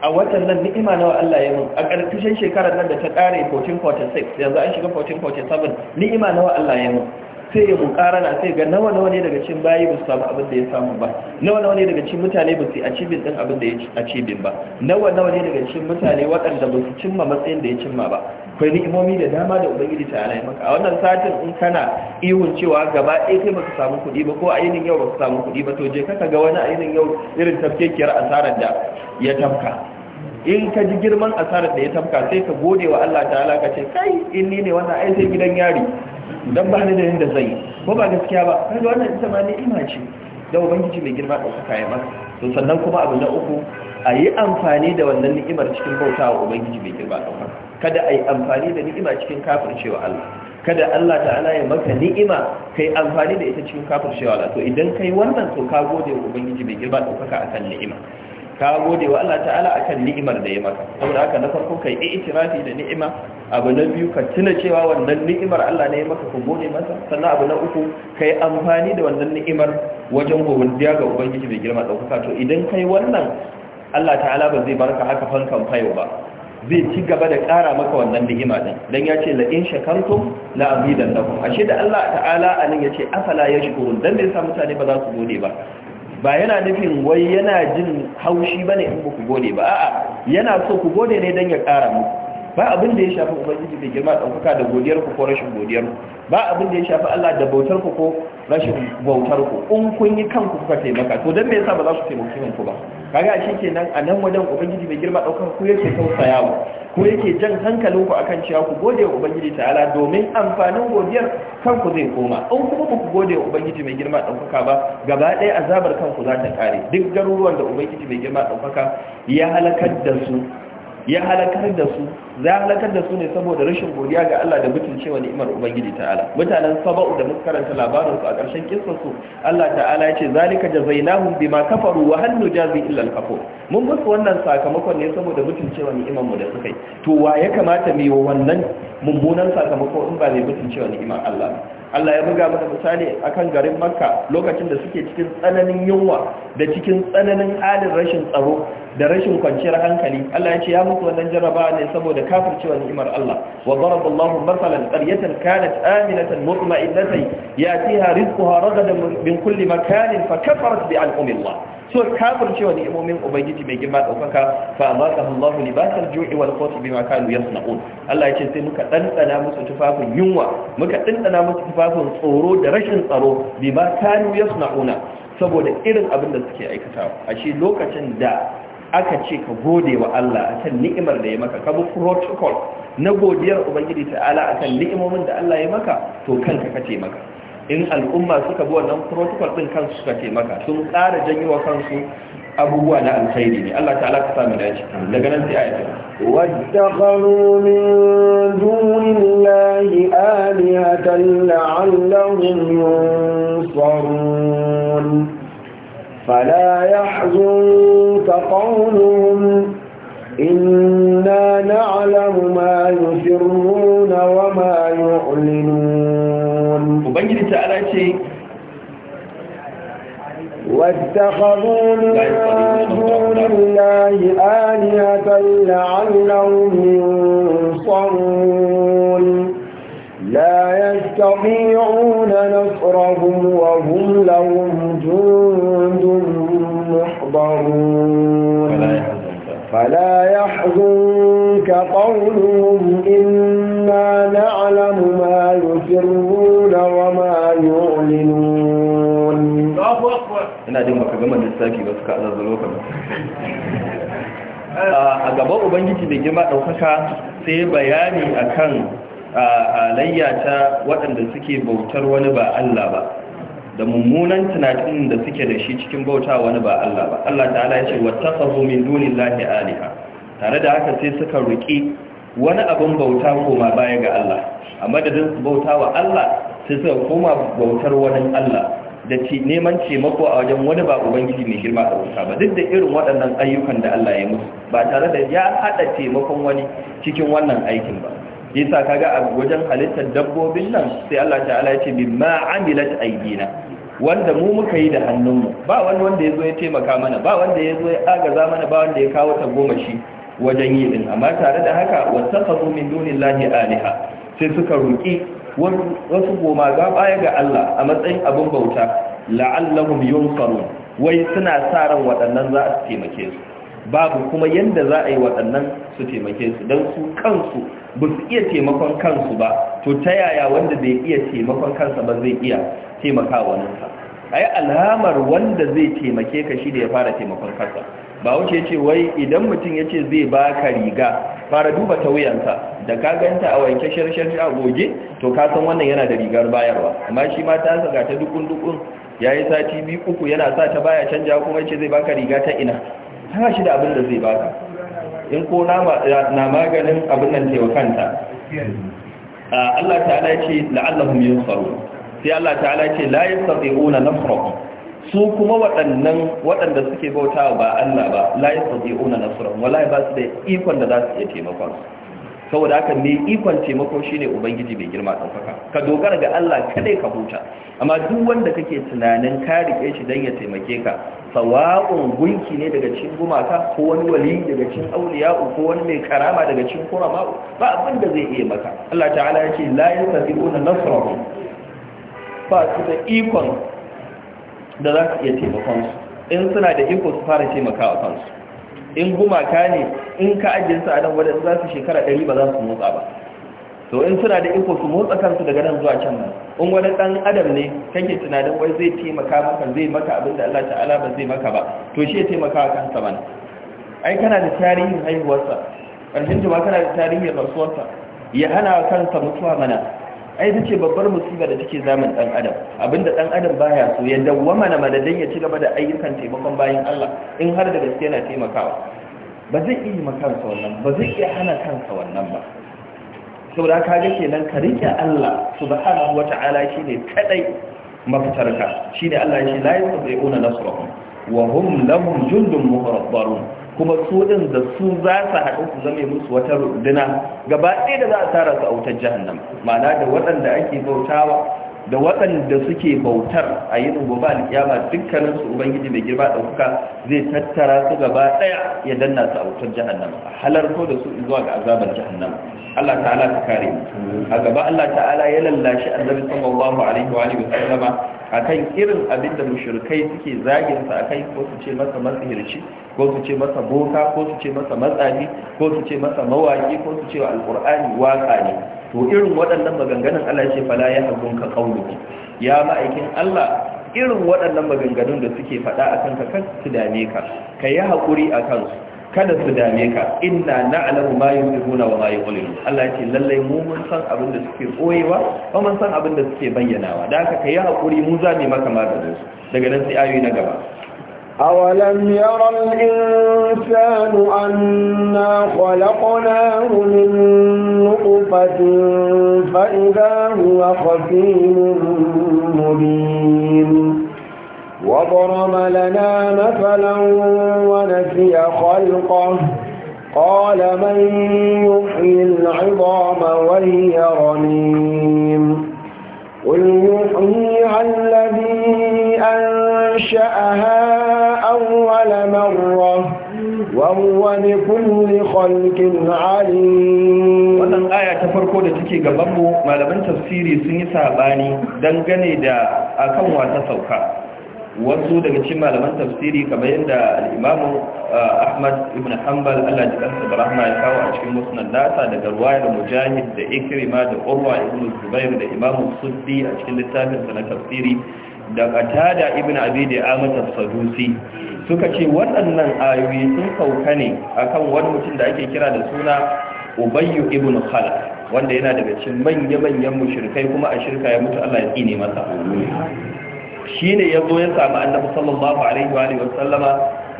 a watan nan ni'ima nawa Allah ya mun a karshen shekarar nan da ta ƙare 1446 yanzu an shiga 1447 ni'ima nawa Allah ya mun sai ya na sai ga nawa nawa ne daga cin bayi ba su samu abin da ya samu ba nawa nawa ne daga cin mutane ba su yi achievement din abin da ya achievement ba nawa nawa ne daga cin mutane waɗanda ba su cimma matsayin da ya cimma ba akwai ni'imomi da dama da ubangiji ta alai maka a wannan satin in kana ihun cewa gaba ɗaya kai ba ka samu kuɗi ba ko a yinin yau ka samu kuɗi ba to je ka ga wani a yinin yau irin tafkekiyar asarar da ya tafka in ka ji girman asarar da ya tafka sai ka gode wa Allah ta'ala ka ce kai in ni ne wannan ai sai gidan yari don ba ni da yadda zai ko ba gaskiya ba kaga wannan ita ma ima ce da ubangiji mai girma ɗauka ya maka to sannan kuma abu na uku a yi amfani da wannan ni'imar cikin bauta wa ubangiji mai girma ɗauka kada a yi amfani da ni'ima cikin kafin cewa Allah kada Allah ala ya maka ni'ima kai amfani da ita cikin kafin cewa Allah to idan kai wannan to ka gode wa ubangiji mai girma a akan ni'ima ka gode wa Allah ta'ala akan ni'imar da ya maka saboda haka na farko kai i'tirafi da ni'ima abu na biyu ka tuna cewa wannan ni'imar Allah ne ya maka ku gode masa sannan abu na uku kai amfani da wannan ni'imar wajen godiya ga ubangiji mai girma daukaka to idan kai wannan Allah ta'ala ba zai barka haka fankan fayo ba zai ci gaba da ƙara maka wannan ni'ima din dan ya ce la in shakartum la azidannakum ashe da Allah ta'ala anan ya ce afala yashkurun dan bai sa mutane ba za su gode ba ba yana nufin wai yana jin haushi bane in ku gode ba a'a yana so ku gode ne dan ya ƙara muku ba abin da ya shafi ubangiji da girma ɗaukaka da godiyar ku ko rashin godiyar ba abin da ya shafi Allah da bautar ku ko rashin bautar ku in kun yi kanku kuka taimaka to dan me yasa ba za ku taimaki kanku ba kaga shi kenan a nan wajen ubangiji mai girma daukar ku yake tausaya ku ko yake jan hankalin ku akan cewa ku gode wa ubangiji ta'ala domin amfanin godiyar kanku zai koma in kuma ku gode wa ubangiji mai girma daukaka ba gaba ɗaya azabar kanku za ta kare duk garuruwan da ubangiji mai girma daukaka ya halakar da su ya halakar da su za halakar da su ne saboda rashin godiya ga Allah da mutuncewa ni'imar ubangiji ta'ala mutanen saba'u da muka karanta labarin su a karshen kissa su Allah ta'ala ya ce zalika jazainahum bima kafaru wa hal nujazi illa al-kafur mun musu wannan sakamakon ne saboda mutuncewa ni'imar mu da suka yi to wa ya kamata mu yi wannan mummunan sakamako in ba ne mutuncewa ni'imar Allah Allah ya buga mana misali akan garin Makka lokacin da suke cikin tsananin yunwa da cikin tsananin halin rashin tsaro da rashin kwanciyar hankali Allah ya ce ya muku wannan jarraba ne saboda kafircewa ni'imar Allah wa daraballahu masalan qaryatan kanat aminatan mutma'innatan yatiha rizquha ragadan min kulli makanin fakafarat bi al'umillah so kafircewa ni'imomin ubangiji mai girma daukaka fa azaqahu Allah libasal ju'i wal khawfi bima kanu yasna'un Allah ya ce sai muka dandana musu tufafin yunwa muka dandana musu tufafin tsoro da rashin tsaro bima kanu yasna'una saboda irin abin da suke aikatawa a shi lokacin da aka ce ka gode wa Allah kan ni'imar da ya maka ka bi protocol na godiyar ubangiji ta'ala kan ni'imomin da Allah ya maka to kanka kace maka in al'umma suka bi wannan protocol ɗin kansu suka ce maka sun ƙara janyo wa kansu abubuwa na alkhairi ne Allah ta'ala ka samu dace daga nan sai ayatu wattaqalu min dunillahi alihatan la'allahum yunsarun فلا يحزنك قولهم إنا نعلم ما يسرون وما يعلنون وبنجد تعالى شيء واتخذوا من دون الله آلهة لعلهم ينصرون لا يستطيعون نصرهم وهم يحزنك قولهم إنا نعلم ما يسرون وما يعلنون ina jin baka gama lissafi ba suka eh. ah, a gaba, ubangiji da girma ɗaukaka sai bayani a ah, alayya ta waɗanda suke bautar wani ba Allah ba da mummunan tunanin da suke da shi cikin bauta wani ba Allah ba Allah ta'ala ya ce wattakhadhu min dunillahi alaha tare da haka sai suka roƙi wani abin bauta koma baya ga Allah a madadin su bauta wa Allah sai suka koma bautar wani Allah da ci neman taimako a wajen wani ba ubangiji mai girma da wuta ba duk da irin waɗannan ayyukan da Allah ya musu ba tare da ya haɗa taimakon wani cikin wannan aikin ba yasa kaga a wajen halittar dabbobin nan sai Allah ta'ala ya ce mimma amilat aydina wanda mu muka yi da hannunmu ba wani wanda ya zo ya taimaka mana ba wanda ya zo ya agaza mana ba wanda ya kawo tagomashi wajen yi din amma tare da haka wasafaru min dunillahi aliha sai suka ruki wasu goma ga baya ga Allah a matsayin abin bauta la'allahum yunsarun wai suna sa ran waɗannan za su taimake su babu kuma yanda za a yi waɗannan su taimake su don su kansu ba su iya taimakon kansu ba to ta yaya wanda bai iya taimakon kansa ba zai iya taimakawa wani ka? ai alhamar wanda zai taimake ka shi da ya fara taimakon kansa ba wuce ya ce wai idan mutum ya ce zai baka riga fara duba ta wuyansa da ka ganta a wanke sharshar a goge to ka san wannan yana da rigar bayarwa amma shi ma ta saka ta dukun dukun ya yi sati biyu uku yana sa ta baya canja kuma ce zai baka riga ta ina hana shi da abin da zai baka in ko na maganin abin nan taimakanta Allah ta'ala ce la'allahum yunsaru sai Allah ta'ala ce la na nasrahum su kuma waɗannan waɗanda suke bauta ba Allah ba la yastati'una nasrahum wala ba su da ikon da za su iya taimakon su saboda haka mai ikon taimako shine ubangiji mai girma ɗaukaka ka dogara ga Allah kadai ka huta amma duk wanda kake tunanin ka rike shi dan ya taimake ka sawa'un gunki ne daga cikin gumaka ko wani wali daga cikin auliya'u ko wani mai karama daga cikin kurama ba abin da zai iya maka Allah ta'ala yake la yastazibuna nasrahum ba su da ikon da za ka iya taimakon su in suna da iko su fara taimakawa kansu in gumaka ne in ka ajiyarsu a nan wadda za su shekara ɗari ba za su motsa ba to in suna da iko su motsa kansu daga nan zuwa can nan in wani ɗan adam ne kake tunanin wai zai taimaka maka zai maka abin da Allah ta'ala ba zai maka ba to shi ya taimaka kansa mana ai kana da tarihin haihuwarsa ƙarshen jima kana da tarihin rasuwarsa ya hana kansa mutuwa mana ai ta ce babbar musiba da take zaman dan adam abinda dan adam baya so ya dawwama na madadin ya ci gaba da ayyukan taimakon bayan Allah in har da gaske yana taimakawa ba zai iya wannan ba zai iya hana kansa wannan ba saboda ka ga kenan ka rike Allah subhanahu wata'ala shine kadai mafitarka shine Allah ya ce la yasbiquna nasrahum wa hum lahum jundun kuma su ɗin da su za su haɗu su zame musu wata runduna gaba ɗaya da za a tara su a wutar jahannam ma'ana da waɗanda ake bautawa da waɗanda suke bautar a yin gobe alƙiyama dukkanin su ubangiji mai girma ɗaukaka zai tattara su gaba ɗaya ya danna su a wutar jahannama a halarto da su zuwa ga azabar jahannama Allah ta'ala ta kare mu a gaba Allah ta'ala ya lallashi annabi sallallahu alaihi wa alihi wasallama akan irin abin da mushrikai suke zagin sa akai ko su ce masa masihirci ko su ce masa boka ko su ce masa matsafi ko su ce masa mawaki ko su ce alqur'ani waka ne to irin waɗannan maganganun Allah ya ce fala ya ka ya ma'aikin Allah irin waɗannan maganganun da suke faɗa a kanka kan su dame ka ka yi haƙuri a su kada su dame ka inna na'lamu ma yusiruna wa ma yuqulun Allah ya ce lalle mu mun san abin da suke koyewa ba mun san abin da suke bayyanawa da haka ka yi haƙuri mu zame maka maganin daga nan sai ayoyi na gaba أولم يرى الإنسان أنا خلقناه من نطفة فإذا هو خفيم مبين وضرب لنا مثلا ونسي خلقه قال من يحيي العظام وهي رميم قل يحييها الذي أنشأها وهو بكل خلق عليم wannan aya ta farko da take gaban mu malaman tafsiri sun yi sabani dangane da akan wata sauka wasu daga cikin malaman tafsiri kamar yadda al-Imam uh, Ahmad ibn Hanbal Allah ya kansa da ya kawo a cikin musnad ta daga da Mujahid da Ikrima da Urwa ibn Zubair da Imam Suddi a cikin littafin sa na tafsiri da Qatada ibn Abi Da'amah tafsiri suka ce waɗannan ayoyi sun sauka ne akan wani mutum da ake kira da suna ubayyu ibn khalaf wanda yana daga cikin manya-manyan mushrikai kuma a shirka ya mutu Allah ya tsine masa shi ne ya ya samu annabi sallallahu alaihi wa alihi wasallama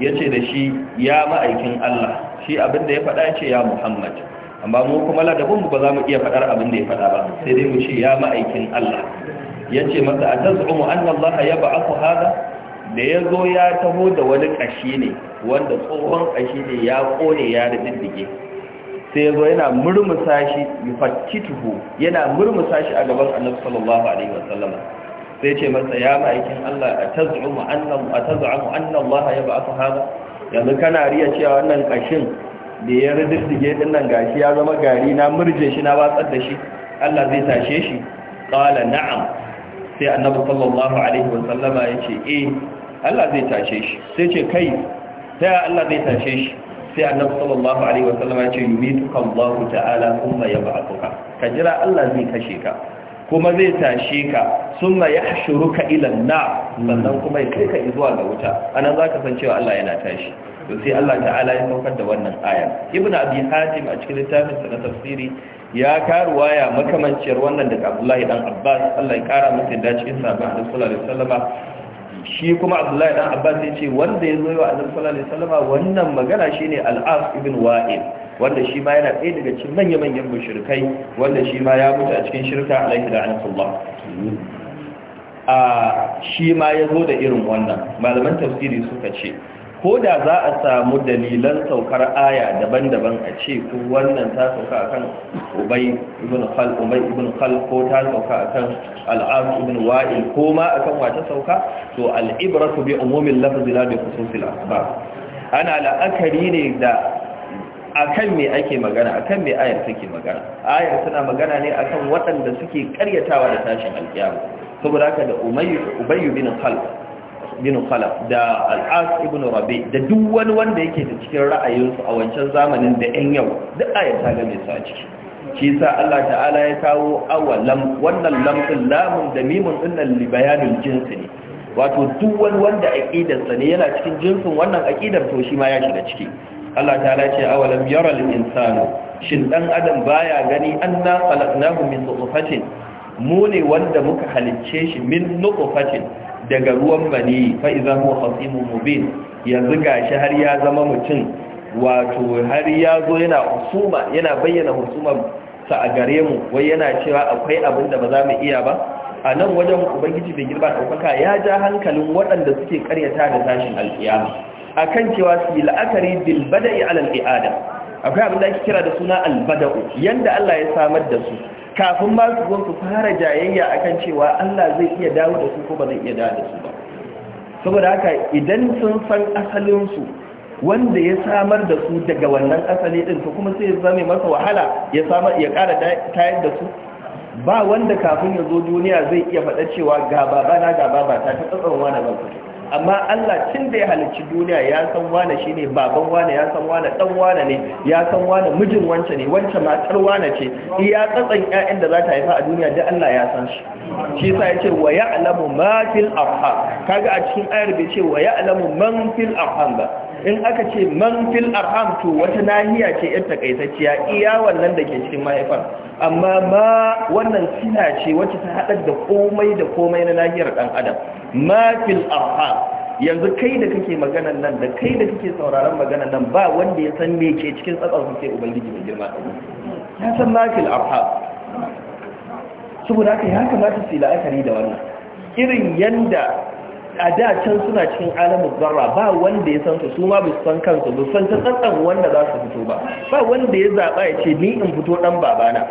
ya ce da shi ya ma'aikin Allah shi abin da ya faɗa ya ce ya Muhammad amma mu kuma ladabin mu ba za mu iya faɗar abin da ya faɗa ba sai dai mu ce ya ma'aikin Allah ya ce masa a anna Allah ya ba'athu hada da ya zo ya taho da wani ƙashi ne wanda tsohon ƙashi ne ya ƙone ya riddige sai ya zo yana murmusa shi yufakkituhu yana murmusa shi a gaban annabi sallallahu alaihi wasallam sai ce masa ya ma'aikin Allah a taz'umu annan a taz'umu annan ya ba'a sahaba yanzu kana riya cewa wannan ƙashin da ya riddige din nan gashi ya zama gari na murje shi na watsar da shi Allah zai tashe shi qala na'am sai annabi sallallahu alaihi wasallama yace eh Allah zai tashe shi sai ce kai Allah zai tashe shi sai annabi sallallahu alaihi wasallam ya ce yumituka Allah ta'ala kuma yab'atuka ka jira Allah zai kashe ka kuma zai tashe ka summa yahshuruka ila an-nar sannan kuma ya kai ka zuwa ga wuta anan zaka san cewa Allah yana tashi to sai Allah ta'ala ya saukar da wannan aya ibnu abi hatim a cikin littafin sa na tafsiri ya karu waya makamanciyar wannan daga Abdullahi dan Abbas Allah ya kara masa da cikin sahabbai sallallahu alaihi wasallama shi kuma abdullahi dan abbas ya ce wanda ya zo wa annabi sallallahu alaihi wasallam wannan magana shine al-as ibn wa'il wanda shi ma yana ɗaya daga cikin manya-manyan mushrikai wanda shi ma ya mutu a cikin shirka alaihi la'anatullah a shi ma ya zo da irin wannan malaman tafsiri suka ce ko da za a samu dalilan saukar aya daban-daban a ce ko wannan ta sauka akan ubay ibn khal ubay ibn khal ko ta sauka akan al'am ibn wa'il ko ma akan wata sauka to al'ibratu bi umumil lafz la bi khususil asbab ana la'akari ne da akan me ake magana akan me ayar take magana ayar tana magana ne akan waɗanda suke karyatawa da tashin alkiyama saboda haka da umayyu ubay bin khalq bin khalaf da al'as ibn rabi da duk wani wanda yake da cikin ra'ayinsu a wancan zamanin da yan yau duk ta game su a ciki shi sa Allah ta'ala ya kawo awalam wannan lamsin lamun da mimun ɗinnan libayanin jinsi ne wato duk wani wanda sa ne yana cikin jinsin wannan aƙidar to shi ma ya shiga ciki Allah ta'ala ya ce awalam yara insanu shin ɗan adam baya gani an khalaqnahu min nutfatin mu ne wanda muka halicce shi min nutfatin daga ruwan bani Fa'izan idza huwa khasimun mubin yanzu gashi har ya zama mutum wato har ya zo yana husuma yana bayyana husumar sa a gare mu wai yana cewa akwai abin da ba za mu iya ba a nan wajen ubangiji mai girba ɗaukaka ya ja hankalin waɗanda suke karyata da tashin A kan cewa su yi la'akari bil bada'i akwai abin da ake kira da suna albada'u yanda Allah ya samar da su kafin masu su su fara jayayya akan cewa Allah zai iya dawo da su ko ba zai iya dawo da su ba saboda haka idan sun san asalinsu wanda ya samar da su daga wannan asali din to kuma sai ya zame masa wahala ya samar ya ƙara tayar da su ba wanda kafin ya zo duniya zai iya faɗa cewa ga babana ga babata ta tsatsan wani ba amma Allah tun da ya halicci duniya ya san wane shine baban wane ya san wane dan wane ne ya san wane mijin wance ne wance matar wane ce iya tsatsan ƴaƴan da za ta haifa a duniya da Allah ya san shi shi ya ce wa ya'lamu ma fil arham kaga a cikin ayar bai ce wa ya'lamu man fil arham ba in aka ce man fil arham to wata nahiya ce yar takaitacciya iya wannan da ke cikin mahaifar amma ma wannan sila ce wacce ta haɗa da komai da komai na nahiyar ɗan adam ma fil arham yanzu kai da kake maganan nan da kai da kake sauraron maganan nan ba wanda ya san me ke cikin tsatsar suke ubangiji mai girma ya san mafil al'afa saboda haka ya kamata su yi la'akari da wannan irin yanda a da can suna cikin alamun zarra ba wanda ya san su su ma bu san kansu bu san ta tsantsan wanda za su fito ba ba wanda ya zaɓa ya ce ni in fito ɗan babana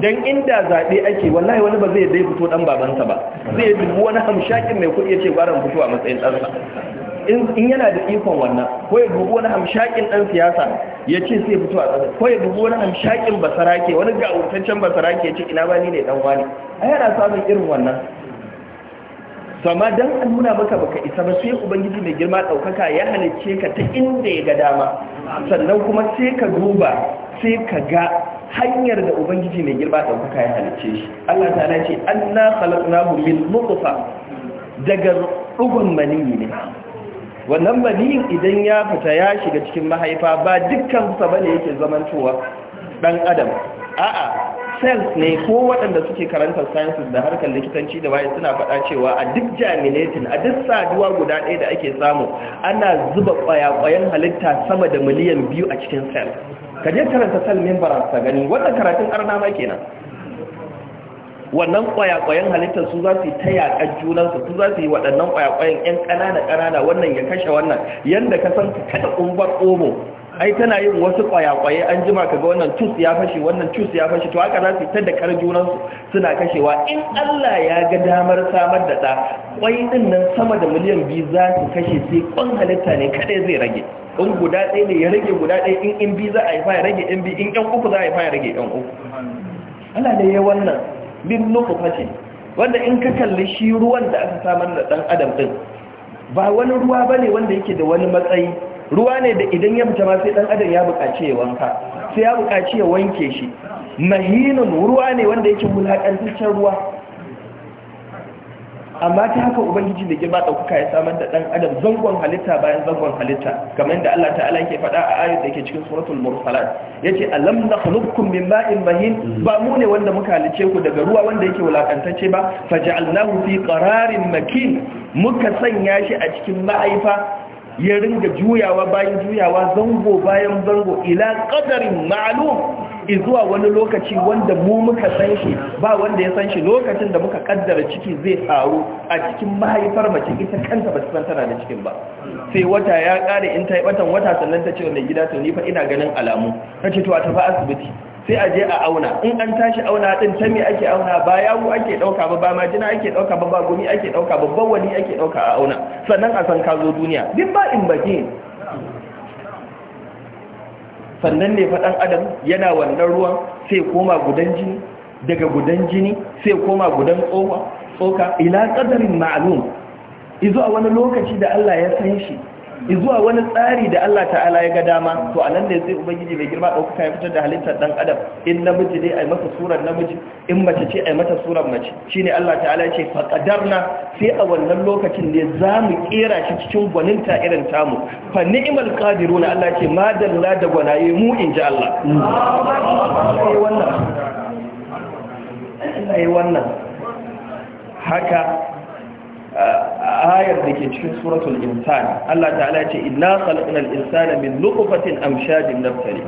don inda zaɓe ake wallahi wani ba zai dai fito ɗan babansa ba zai dubu wani hamshakin mai kuɗi ya ce gwaran fito a matsayin ɗansa in yana da ikon wannan ko ya dubu wani hamshakin ɗan siyasa ya ce sai fito a ƙasa ko ya dubu wani hamshakin basarake wani gawurtaccen basarake ya ce ina ba ni ne ɗan wani a yana samun irin wannan sama don an nuna maka baka isa ba sai ubangiji mai girma ɗaukaka ya halicce ka ta inda ya ga dama sannan kuma sai ka duba sai ka ga hanyar da ubangiji mai girba ɗaukaka ya halice shi Allah ta ce an na halaknahu min nutfa daga ɗugun maniyi ne wannan maniyin idan ya fita ya shiga cikin mahaifa ba dukkan sa bane yake zamantowa Ɗan adam a'a cells ne ko waɗanda suke karantar sciences da harkar likitanci da waye suna faɗa cewa a duk germinating a duk saduwa guda ɗaya da ake samu ana zuba ƙwayaƙwayen halitta sama da miliyan biyu a cikin cell ka je karanta salmin bara gani wannan karatun arna ma kenan wannan kwayakwayen halittar su za su yi ta yaƙar junansu su za su yi waɗannan kwayakwayen 'yan ƙanana-ƙanana wannan ya kashe wannan yadda ka san kada ƙumbar omo ai tana yin wasu kwayakwaye an jima kaga wannan cus ya fashe wannan cus ya fashe to haka za su yi ta da kar junansu suna kashewa in Allah ya ga damar samar da ɗa kwai ɗin nan sama da miliyan biyu za su kashe sai kwan halitta ne kaɗai zai rage in guda ɗaya ne ya rage guda ɗaya in in bi za a yi fa ya rage in bi in ƴan uku za a yi fa ya rage ƴan uku ana da ya wannan bin nufu fashe wanda in ka kalli shi ruwan da aka samar da ɗan adam ɗin ba wani ruwa ba ne wanda yake da wani matsayi ruwa ne da idan ya fita ma sai ɗan adam ya buƙaci ya wanka sai ya buƙaci ya wanke shi Mahinin ruwa ne wanda yake wulaƙantaccen ruwa amma ta haka ubangiji da girma ɗaukaka ya samar da ɗan adam zangon halitta bayan zangon halitta kamar yadda Allah ta'ala yake faɗa a ayat da ke cikin suratul mursalat yace alam nakhluqukum min ma'in mahin ba mu ne wanda muka halice ku daga ruwa wanda yake wulakantacce ba faj'alnahu fi qararin makin muka sanya shi a cikin ma'aifa ya ringa juyawa bayan juyawa zango bayan zango ila ƙadarin ma'lum Izuwa wani lokaci wanda mu muka san shi ba wanda ya san shi lokacin da muka kaddara ciki zai faru a cikin mahaifar mace ita kanta ba san tana da cikin ba sai wata ya kare in ta yi watan wata sannan ta ce wannan gida to ni fa ina ganin alamu ta ce to a tafi asibiti sai a je a auna in an tashi auna din ta me ake auna ba yawo ake dauka ba ba majina ake dauka ba ba gumi ake dauka babban wani ake dauka a auna sannan a san ka zo duniya din ba in baje. sannan ne faɗan adam yana wannan ruwan sai koma gudan jini daga gudan jini sai koma gudan tsoka ila ƙadarin ma'lum izo a wani lokaci da Allah ya san shi zuwa wani tsari da Allah ta'ala ya ga dama to a nan ne sai ubangiji mai girma ɗaukaka ya fitar da halittar ɗan adam in namiji ne a masa surar namiji in mace ce a mata surar mace shine Allah ta'ala ya ce faqadarna sai a wannan lokacin ne za mu kera shi cikin gwaninta irin tamu fa ni'mal qadiruna Allah ce madalla da gwanaye mu in ji Allah wannan wannan haka ayar da ke cikin suratul insan Allah ta'ala ya ce inna khalaqnal insana min nutfatin amshajin naftali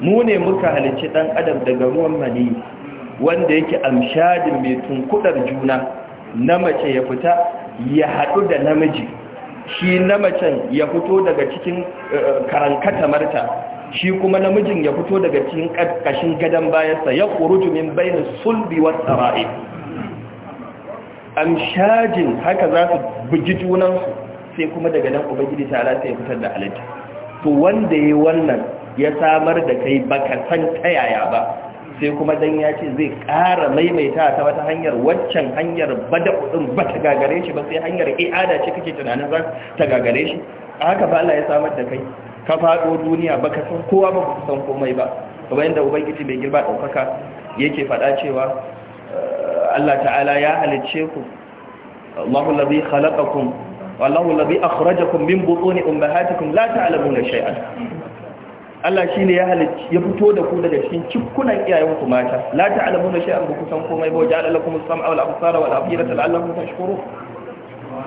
mu ne muka halicci dan adam daga ruwan mani wanda yake amshajin mai tunkudar juna na mace ya fita ya hadu da namiji shi na macen ya fito daga cikin eh, karankata marta shi kuma namijin ya fito daga cikin kashin gadan bayansa ya kuruju min bainin sulbi wa tsara'i amshajin haka za su bugi junansu sai kuma daga nan ubangiji ta ala sai fitar da halitta to wanda ya wannan ya samar da kai baka san ta yaya ba sai kuma dan ya ce zai ƙara maimaita ta wata hanyar waccan hanyar bada kudin ba ta gagare shi ba sai hanyar i'ada ce kake tunanin za ta gagare shi haka ba Allah ya samar da kai ka faɗo duniya baka san kowa ba ku san komai ba kamar yadda ubangiji mai girba ɗaukaka yake faɗa cewa Allah ta'ala ya halicce ku Allahu allazi khalaqakum wallahu allazi akhrajakum min butuni ummahatikum la ta'lamuna shay'an Allah shine ya ya fito da ku daga cikin cikkunan iyayenku mata la ta'lamuna shay'an ku san komai ja'ala lakum as-sam'a wal absara wal afidata la'allakum tashkurun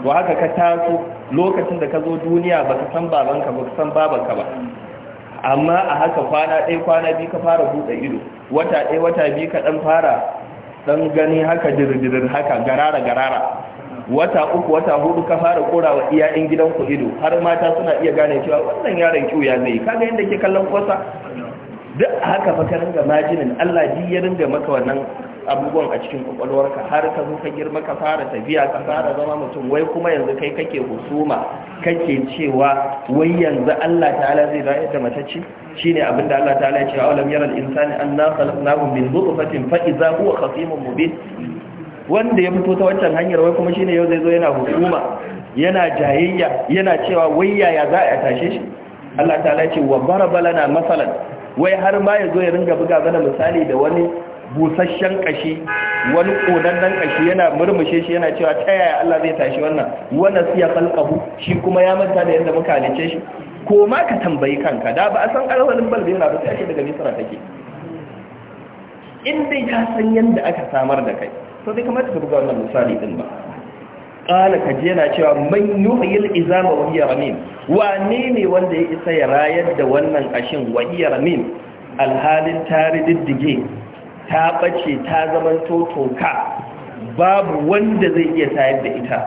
wa haka ka taso lokacin da ka zo duniya baka san babanka ba san babanka ba amma a haka kwana ɗaya kwana biyu ka fara buɗe ido wata ɗaya wata biyu ka ɗan fara dan gani haka jirjirin haka garara garara wata uku wata hudu ka fara korawa iya in gidan ku ido har mata suna iya gane cewa wannan yaron ya zai kaga yadda ke kallon kosa duk haka fa ka ringa majinin Allah ji ya ringa maka wannan abubuwan a cikin kwakwalwarka har ka zo ka girma ka fara tafiya ka fara zama mutum wai kuma yanzu kai kake husuma kake cewa wai yanzu Allah ta'ala zai rayar da matacci shine abin da Allah ta'ala ya ce awalam yaral insani anna khalaqnahu min nutfatin fa idza huwa khasimun mubin wanda ya fito ta wancan hanyar wai kuma shine yau zai zo yana husuma yana jayayya yana cewa wai yaya za a tashe shi Allah ta'ala ya ce wa baraba lana masalan wai har ma ya zo ya ringa buga mana misali da wani busasshen ƙashi wani kodannan kashi yana murmushe shi yana cewa ta yaya Allah zai tashi wannan wannan siya falqahu shi kuma ya manta da yadda muka halice shi ko ma ka tambayi kanka da ba a san alwalin balbe yana ba sai ake daga misra take in dai ka san yadda aka samar da kai to bai kamata ka buga wannan misali din ba qala je yana cewa man yuhyil izama wa hiya ramin wane ne wanda ya isa ya rayar da wannan kashin wa hiya ramin alhalin tarididdige ta bace ta zaman totoka babu wanda zai iya tayar da ita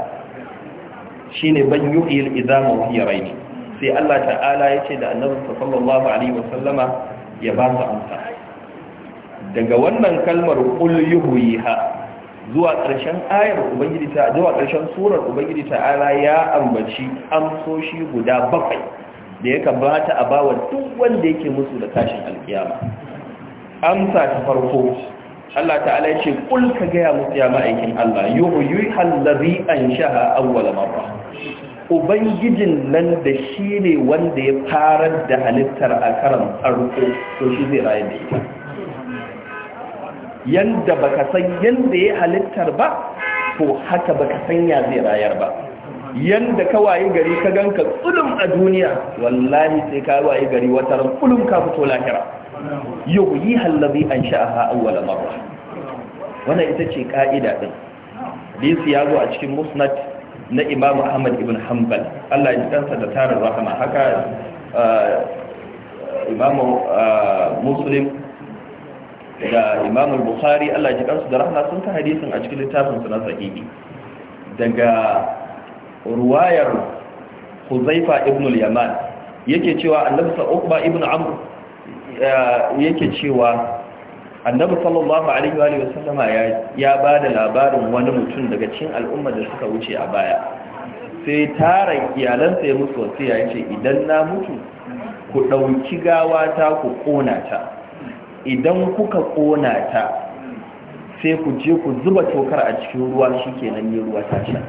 Shi ne ban yuhil izama fi raini sai Allah ta'ala ya ce da annabi sallallahu alaihi wasallama ya ba su amsa daga wannan kalmar qul ha, zuwa ƙarshen ayar ubangiji ta zuwa ƙarshen surar ubangiji ta'ala ya ambaci amsoshi guda bakwai da ya kamata a bawa duk wanda yake musu da tashin alkiyama amsa ta farko Allah ta'ala ya ce kul ka gaya musu ya ma'aikin Allah yuhyi allazi anshaha awwal marra ubangijin nan da shi ne wanda ya fara da halittar a karan farko to shi zai rayu da ita yanda baka san yanda ya halittar ba to haka baka san ya zai rayar ba yanda ka waye gari ka ganka tsulum a duniya wallahi sai ka waye gari wata ran tsulum ka fito lahira yuhyiha allazi ansha'aha awwal marra wannan ita ce ka'ida din hadisi ya zo a cikin musnad na imamu ahmad ibn hanbal Allah ya kansa da tarin rahama haka imamu muslim da imamu bukhari Allah ya kansu da rahama sun ta hadisin a cikin littafin su na sahihi daga ruwayar huzaifa ibn al-yaman yake cewa annabi sa'uba ibn amr yake cewa annabi sallallahu alaihi wa sallama ya ba da labarin wani mutum daga cikin al'umma da suka wuce a baya sai tara iyalansa ya musu ya ce, idan na mutu ku ɗauki gawa ta ku ƙona ta idan kuka ƙona ta sai ku je ku zuba tokar a cikin ruwa shikenan ne ruwa ta sha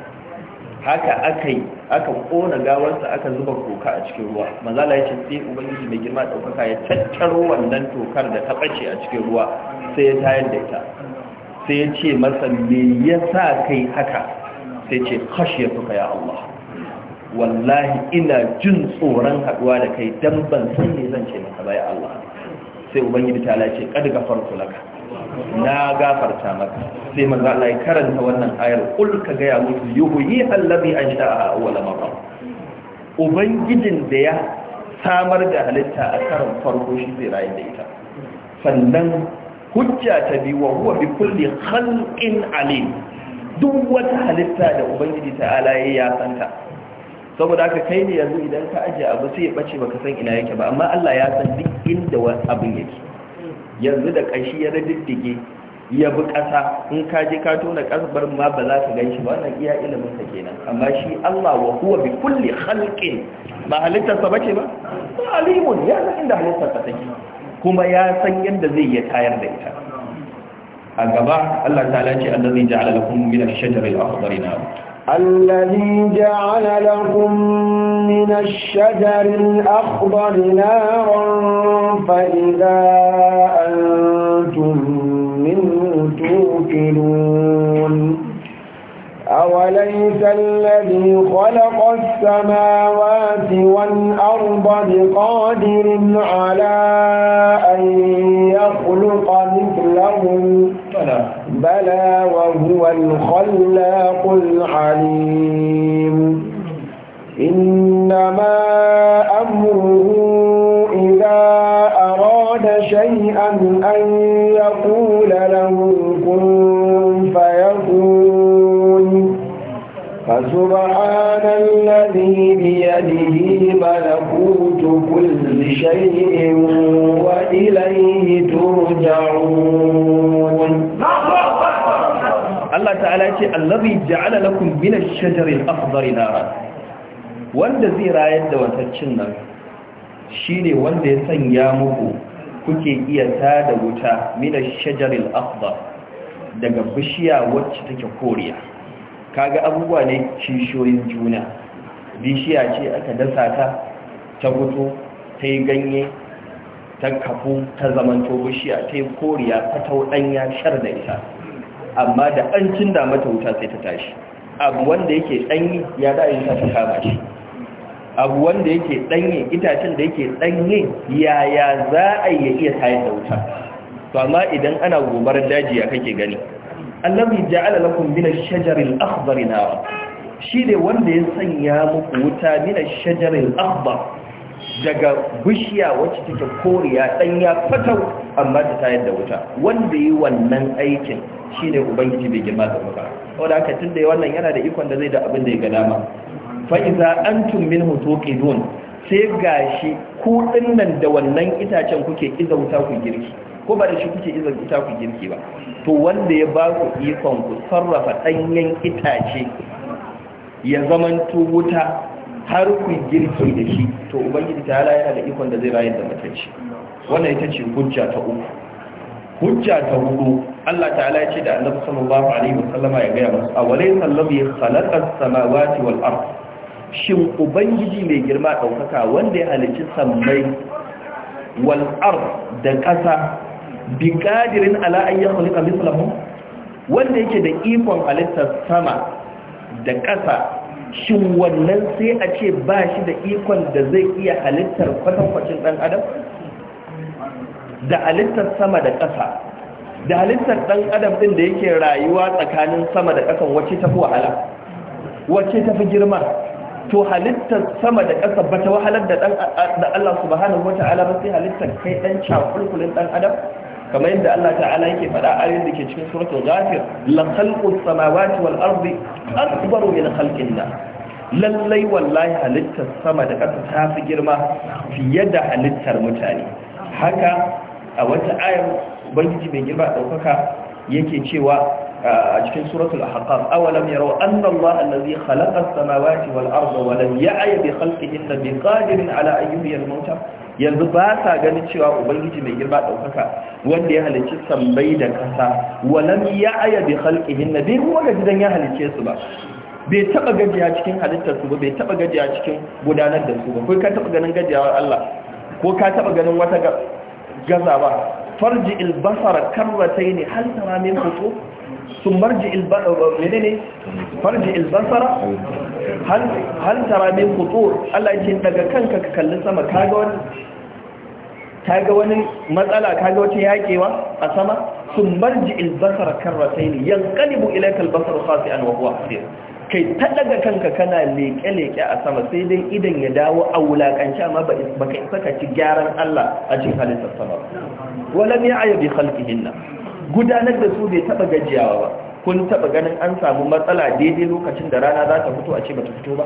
haka aka yi aka kona gawarsa aka zuba toka a cikin ruwa maza ya ce sai ubangiji mai girma daukaka ya tattaro wannan tokar da ta bace a cikin ruwa sai ya tayar da ita sai ya ce masa me yasa kai haka sai ce kashi ya tuka ya Allah wallahi ina jin tsoron haɗuwa da kai don ban san me zan ce maka baya Allah sai ubangiji ta lace gafar ku laka na gafarta maka sai maza Allah ya karanta wannan ayar kul ka ga ya mutu yuhyi allazi ansha'a awwal marra ubangijin da ya samar da halitta a karan farko shi zai rayu da ita sannan hujja ta bi wa huwa bi kulli khalqin alim duk wata halitta da ubangiji ta'ala ya santa saboda haka kai ne yanzu idan ka aje abu sai ya bace baka san ina yake ba amma Allah ya san duk inda abin yake yanzu da ƙashi ya diddige ya bi ƙasa in ka je ka tona ƙasar ma ba za ka gan shi ba wannan iya ilimin sa kenan amma shi Allah wa huwa bi kulli khalqin ba halittar sa bace ba alimun ya san inda halittar sa take kuma ya san yadda zai ya tayar da ita a gaba Allah ta'ala ce allazi ja'ala lakum min ash-shajari al-akhdari nawa الذي جعل لكم من الشجر الأخضر نارا فإذا أنتم منه توكلون أوليس الذي خلق السماوات والأرض بقادر على أن يخلق مثلهم بلى وهو الخلاق العليم إنما أمره إذا أراد شيئا أن يقول له كن فيكون فسبحان الذي بيده ملكوت كل شيء ta'ala ce allazi ja'ala lakum min ash-shajari al-akhdari nara wanda zai rayar da wataccin nan shine wanda ya sanya muku kuke iya tada wuta min ash-shajari al-akhdar daga bishiya wacce take koriya kaga abubuwa ne kishiyoyin juna bishiya ce aka dasa ta ta fito ta yi ganye ta kafu ta zamanto bishiya ta yi koriya ta taudanya shar da ita amma da an cinna mata wuta sai ta tashi abu wanda yake danyi ya da yin ta kama shi abu wanda yake danye itacen da yake danye yaya za a yi iya tayar da wuta to amma idan ana gobar daji ya kake gani allazi ja'ala lakum min ash-shajari al-akhdari nara shi ne wanda ya sanya muku wuta min ash-shajari akhdar daga bishiya wacce take koriya ya fatau amma ta tayar da wuta wanda yi wannan aikin shi ne ubangiji bai girma da maka saboda haka tun da yi wannan yana da ikon da zai da abin da ya ga dama fa'iza an antum hoto ƙidon sai gashi shi kuɗin da wannan itacen kuke iza wuta ku girki ko ba da shi kuke iza wuta ku girki ba to wanda ya ba ku ikon ku sarrafa ɗanyen itace ya zamanto wuta har ku girki da shi to ubangiji ta ala yana da ikon da zai rayar da matacci wannan ita ce hujja ta uku hujja ta hudu Allah ta'ala ya ce da annabi sallallahu alaihi wasallama ya gaya masu awalai sallam ya khalaqa samawati wal ard shin ubangiji mai girma daukaka wanda ya halicci sammai wal ard da ƙasa bi qadirin ala an yakhluqa mithlahu wanda yake da ikon halittar sama da ƙasa shin wannan sai a ce ba shi da ikon da zai iya halittar kwatankwacin ɗan adam da halittar sama da ƙasa da halittar ɗan adam ɗin da yake rayuwa tsakanin sama da ƙasan wacce ta fi wahala wacce ta fi girma to halittar sama da ƙasa ba ta wahalar da Allah subhanahu wa ta'ala ba sai halittar kai ɗan cakulkulin ɗan adam kamar yadda Allah ta'ala yake faɗa ayoyin da ke cikin suratul ghafir la khalqu samawati wal ardi akbaru min khalqin nas lallai wallahi halittar sama da ƙasa ta fi girma fiye da halittar mutane haka a wata ayar ubangiji mai girma ɗaukaka yake cewa a cikin suratul ahqaf awalam yaraw anna allaha allazi khalaqa as-samawati wal arda wa lam ya'ya bi khalqihinna bi qadirin ala an yuhyiya al-mauta yanzu ba sa ganin cewa ubangiji mai girma daukaka wanda ya halicci sambai da kasa wa lam ya'ya bi khalqihinna bi kuma ga gidan ya halicce su ba bai taba gajiya cikin halittar su ba bai taba gajiya cikin gudanar da su ba ko ka taba ganin gajiyawar Allah ko ka taba ganin wata gazawa. Farji farji albasara karratayn hal tara min futu sun marji menene farji ilbasara hal tara Allah ce daga kanka ka kalli sama kaga wani wani matsala kaga wata yakewa a sama sun marji ilbasara karrataini yanqalibu ilayka albasaru khasi'an wa huwa hasir kai ta daga kanka kana leke-leke a sama sai dai idan ya dawo a wulakanci amma ba ka isa ka ci gyaran Allah a cikin halittar sama wala ya ayyabi khalqihinna gudanar da su bai taba gajiyawa ba kun taba ganin an samu matsala daidai lokacin da rana za ta fito a ce bata fito ba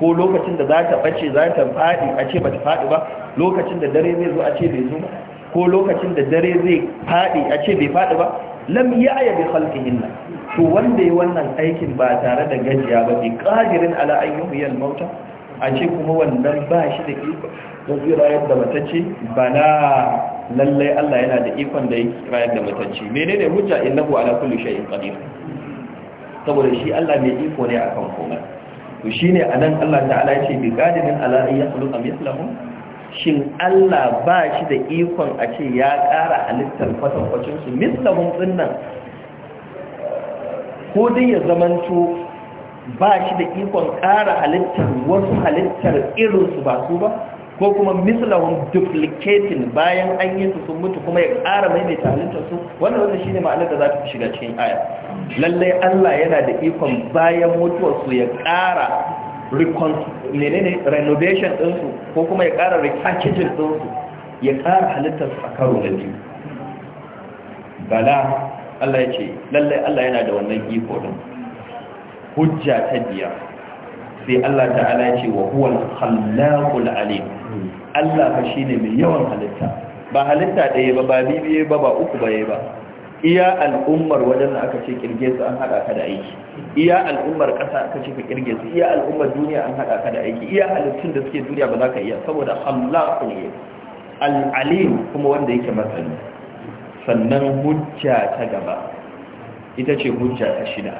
ko lokacin da za ta bace za ta faɗi a ce bata faɗi ba lokacin da dare zai zo a ce bai zo ba ko lokacin da dare zai faɗi a ce bai faɗi ba lam ya'ya bi khalqihinna to wanda yi wannan aikin ba tare da gajiya ba bi qadirin ala an yuhyil mauta a ce kuma wannan ba shi da iko ko zai rayar da matacce na lallai Allah yana da ikon da yake rayar da matacce menene hujja innahu ala kulli shay'in qadir saboda shi Allah mai iko ne akan komai to shine anan Allah ta'ala ya ce bi qadirin ala an yakhluqa mithlahum shin Allah ba shi da ikon a ce ya ƙara halittar kwatankwacin su mithlahum dinnan ko dai ya zamanto ba shi da ikon ƙara halittar wasu halittar irinsu ba su ba ko kuma mislahum duplicating bayan an yi su sun mutu kuma ya ƙara maimaita talinta su wannan wannan shine ma'anar da za ta shiga cikin aya lallai Allah yana da ikon bayan mutuwar su ya ƙara menene renovation din su ko kuma ya ƙara repackaging din su ya ƙara halittar su a karo da biyu bala Allah ya ce lallai Allah yana da wannan iko din hujja ta biya sai Allah ta'ala ya ce wa al khallaqul alim Allah fa shine mai yawan halitta ba halitta ɗaya ba ba bibiye ba ba uku ba ba iya al'ummar wajen da aka ce kirge su an haɗa ka da aiki iya al'ummar ƙasa aka ce ka kirge su iya al'ummar duniya an haɗa ka da aiki iya halittun da suke duniya ba za ka iya saboda Allah ne al'alim kuma wanda yake matsali sannan hujja ta gaba ita ce hujja ta shida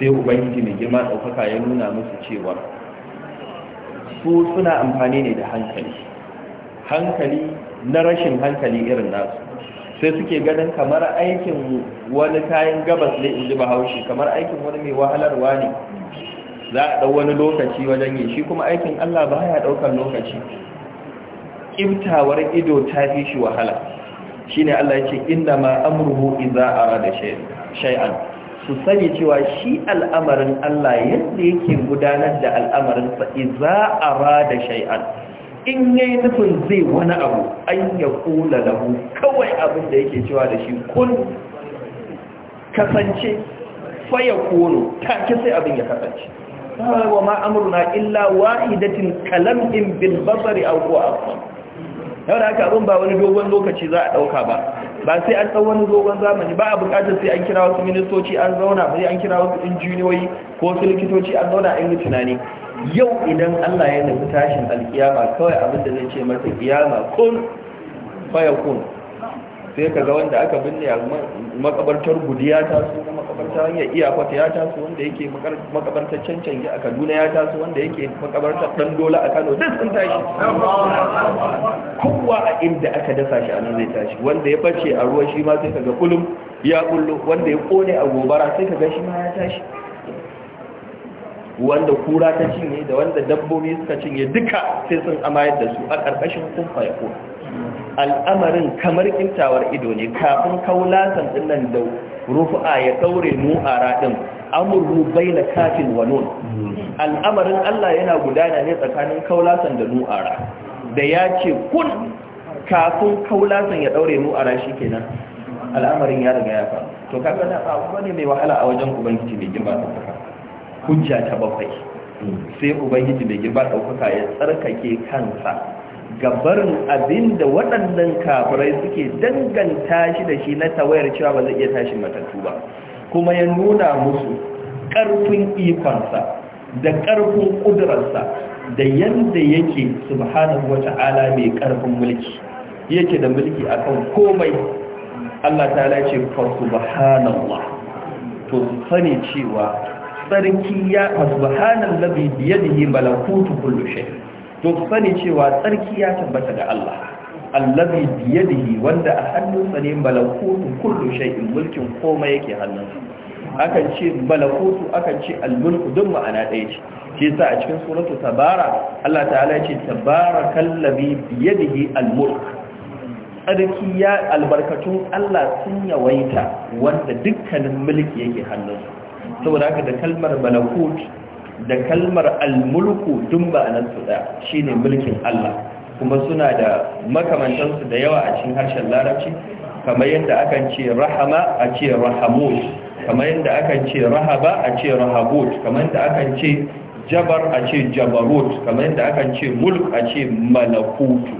sai ubangiji mai girma ɗaukaka ya nuna musu cewa su suna amfani ne da hankali hankali na rashin hankali irin nasu sai suke ganin kamar aikin wani kayan gabas ne in ji bahaushe kamar aikin wani mai wahalarwa ne za a ɗau wani lokaci wajen yi shi kuma aikin allah ba ya ɗaukar lokaci ƙiftawar ido ta fi shi wahala shi ne allah ce inda ma amurhu za a da shay'an su sani cewa shi al'amarin allah yadda yake gudanar da al'amarinsa iza a da shay'an in yayi nufin zai wani abu an ya kula lahu kawai abin da yake cewa da shi kun kasance faya kono take sai abin ya kasance wa ma na illa wa'idatin kalam bil basari a huwa aqsam yau da haka abin ba wani dogon lokaci za a dauka ba ba sai an tsawon wani dogon zamani ba a bukatar sai an kira wasu ministoci an zauna sai an kira wasu injiniyoyi ko su likitoci an zauna an yi tunani yau idan Allah ya nufi tashin alkiyama kawai abin da zai ce masa kiyama kun faya kun sai ka ga wanda aka binne a makabartar gudiya ta su na makabarta ya iya kwata ya taso wanda yake makabartar cancan a kaduna ya taso wanda yake makabartar dan dola a kano zai sun tashi kowa a inda aka dasa shi a nan zai tashi wanda ya bace a ruwa shi ma sai ka ga kulum ya kullu wanda ya kone a gobara sai ka ga shi ma ya tashi wanda kura ta cinye da wanda dabbobi suka cinye duka sai sun amayar da su a ƙarƙashin kun faiko al'amarin kamar kintawar ido ne kafin kaulasan ɗin nan da rufu'a ya ɗaure mu a raɗin amurru bai na kafin wanon al'amarin allah yana gudana ne tsakanin kaulasan da nu'ara da ya ce kun kafin kaulasan ya ɗaure nu'ara shi kenan al'amarin ya riga ya faru to kaga na abu ne mai wahala a wajen ubangiji mai girma da hujja ta bakwai sai ubangiji mai girma ɗaukaka ya tsarkake kansa Gabar abin da waɗannan kafirai suke danganta shi da shi na tawayar cewa ba zai iya tashin matattu ba kuma ya nuna musu ƙarfin ikonsa da ƙarfin ƙudurarsa da yadda yake subhanahu wa ta'ala mai ƙarfin mulki yake da mulki akan komai Allah ta ce fa subhanallah to sani cewa tsarki ya subhanal ladhi bi yadihi malakutu kulli shay to sani cewa tsarki ya tabbata ga Allah alladhi bi yadihi wanda a hannunsa ne malakutu kulli in mulkin komai yake hannunsa akan ce malakutu akan ce almulku duk ma'ana ɗaya ce shi sa a cikin suratu tabara Allah ta'ala ya ce tabarakal ladhi bi yadihi almulk tsarki ya albarkatun Allah sun yawaita wanda dukkanin mulki yake hannunsa saboda haka da kalmar malakut da kalmar almulku dun ba'anar su ɗaya shine mulkin Allah kuma suna da makamantansu da yawa a cikin harshen larabci kamar yadda akan ce rahama a ce rahamut kamar yadda akan ce rahaba a ce rahabut kamar yadda akan ce jabar a ce jabarut kamar yadda akan ce mulk a ce malakutu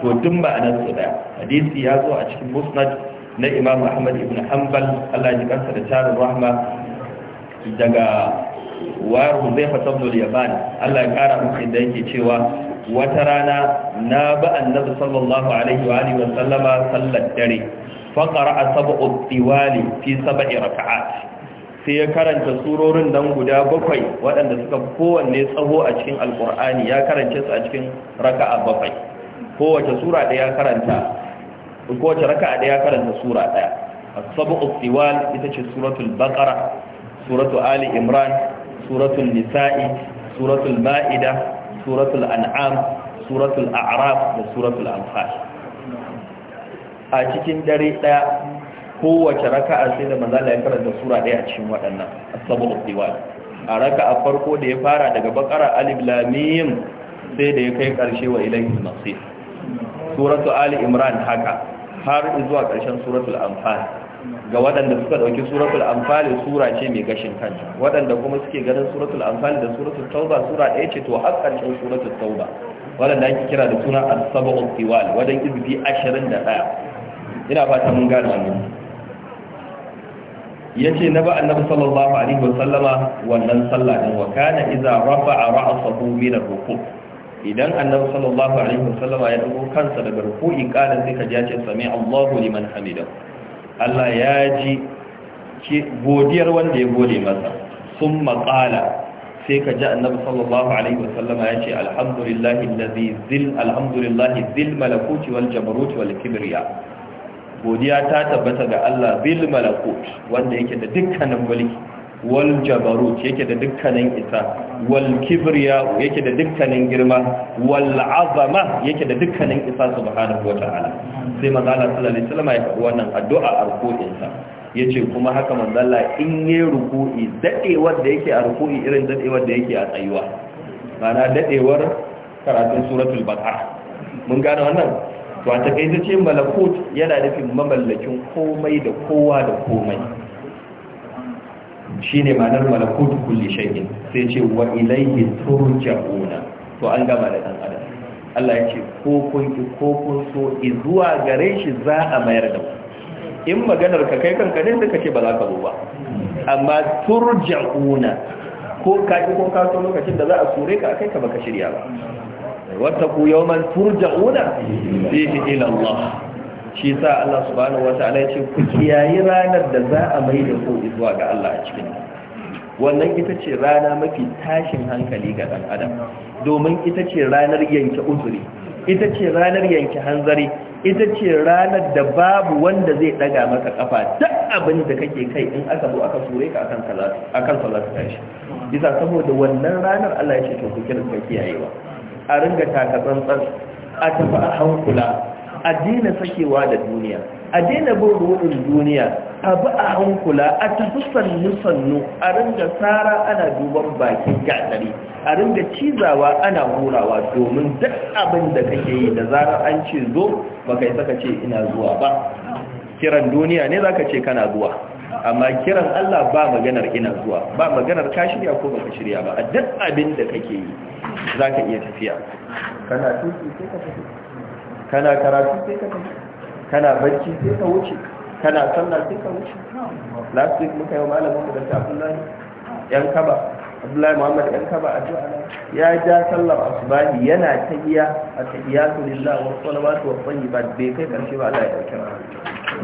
to duk ma'anar su da hadisi ya zo a cikin musnad na imam ahmad ibn hanbal Allah ya kansa da tarin rahma daga wayar huzaifa sabnul yaban Allah ya kara mu inda yake cewa wata rana na ba annabi sallallahu alaihi wa alihi wa sallama sallar dare fa qara'a sab'u tiwali fi sab'i raka'at sai ya karanta surorin nan guda bakwai waɗanda suka kowanne tsaho a cikin alkur'ani ya karanta su a cikin raka'a bakwai kowace sura daya karanta kowace raka'a ɗaya karanta sura daya. as-sab'u tiwal ita ce suratul baqara suratu ali imran suratul nisa'i suratul ma'ida suratul an'am suratul a'raf da suratul anfal a cikin dare ɗaya, kowace raka'a sai da manzo Allah ya karanta sura ɗaya a cikin waɗannan as-sabul diwal a raka'a farko da ya fara daga bakara alif lam sai da ya kai ƙarshe wa ilahi masir suratu ali imran haka har zuwa karshen suratul anfal ga waɗanda suka ɗauki suratul amfali sura ce mai gashin kanta waɗanda kuma suke ganin suratul amfali da suratul tauba sura ɗaya ce to har ƙarshen suratul tauba waɗanda ake kira da suna as-sab'u tiwal wadan izbi ɗaya, ina fata mun gane wannan ce na ba annabi sallallahu alaihi wa sallama wannan sallah din wa kana idza rafa'a ra'sahu min ar-ruku' idan annabi sallallahu alaihi wa sallama ya dago kansa daga ruku'i kana sai ka ji ya ce sami Allahu liman hamidahu Allah ya ji godiyar wanda ya gode masa sun maƙala sai ka ji annabi sallallahu alaihi wasallama ya ce alhamdulillahi allazi zil alhamdulillahi zil malakuti wal jabaruti wal kibriya godiya ta tabbata ga Allah zil malakut wanda yake da dukkanin mulki wal jabarut yake da dukkanin isa wal kibriya yake da dukkanin girma wal azama yake da dukkanin isa subhanahu wataala sai manzo Allah sallallahu alaihi wasallam ya faɗi wannan addu'a a ruku'in sa yace kuma haka manzo Allah in yayi ruku'i dadewar da yake a ruku'i irin dadewar da yake a tsayuwa mana dadewar karatun suratul baqara mun gane wannan to a takeice malakut yana nufin mamallakin komai da kowa da komai Shi ne ma'anar malakut kulle shaikin sai ce wa ilayhi turja'una to an gama da dan adam Allah ya ce ko kun ki ko kun so zuwa gare shi za a mayar da ku in maganar ka kai kanka ne suka ce ba za ka zo ba amma turja'una ko ka ki ko ka so lokacin da za a sure ka kai ka baka shirya ba wata ku yawman turja'una fihi ila Allah shi sa Allah subhanahu wata'ala ya ce ku kiyayi ranar da za a mai da ku zuwa ga Allah a cikin wannan ita ce rana mafi tashin hankali ga dan adam domin ita ce ranar yanke uzuri ita ce ranar yanke hanzari ita ce ranar da babu wanda zai daga maka kafa duk abin da kake kai in aka zo aka sure ka akan akan salatu tashi bisa saboda wannan ranar Allah ya ce to ku kiyayewa a ringa taka tsantsan a tafi a hankula a daina sakewa da duniya a daina bin ruɗin duniya a bi a hankula a tafi sannu-sannu a ringa tsara ana duban bakin gaɗari a ringa cizawa ana hurawa domin duk abin da kake yi da zarar an ce zo ba kai saka ce ina zuwa ba kiran duniya ne za ka ce kana zuwa amma kiran Allah ba maganar ina zuwa ba maganar ka shirya ko baka shirya ba a duk abin da kake yi za ka iya tafiya kana tuki sai ka tafi kana karatu sai ka tafi kana barci sai ka wuce kana sallah sai ka wuce last week muka yi malamin da da Abdullahi yan kaba Abdullahi Muhammad yan kaba a jiya ya ja sallar asubahi yana iya, a tahiyatu lillah wa salawatu wa tayyibat bai kai karshe ba Allah ya dauke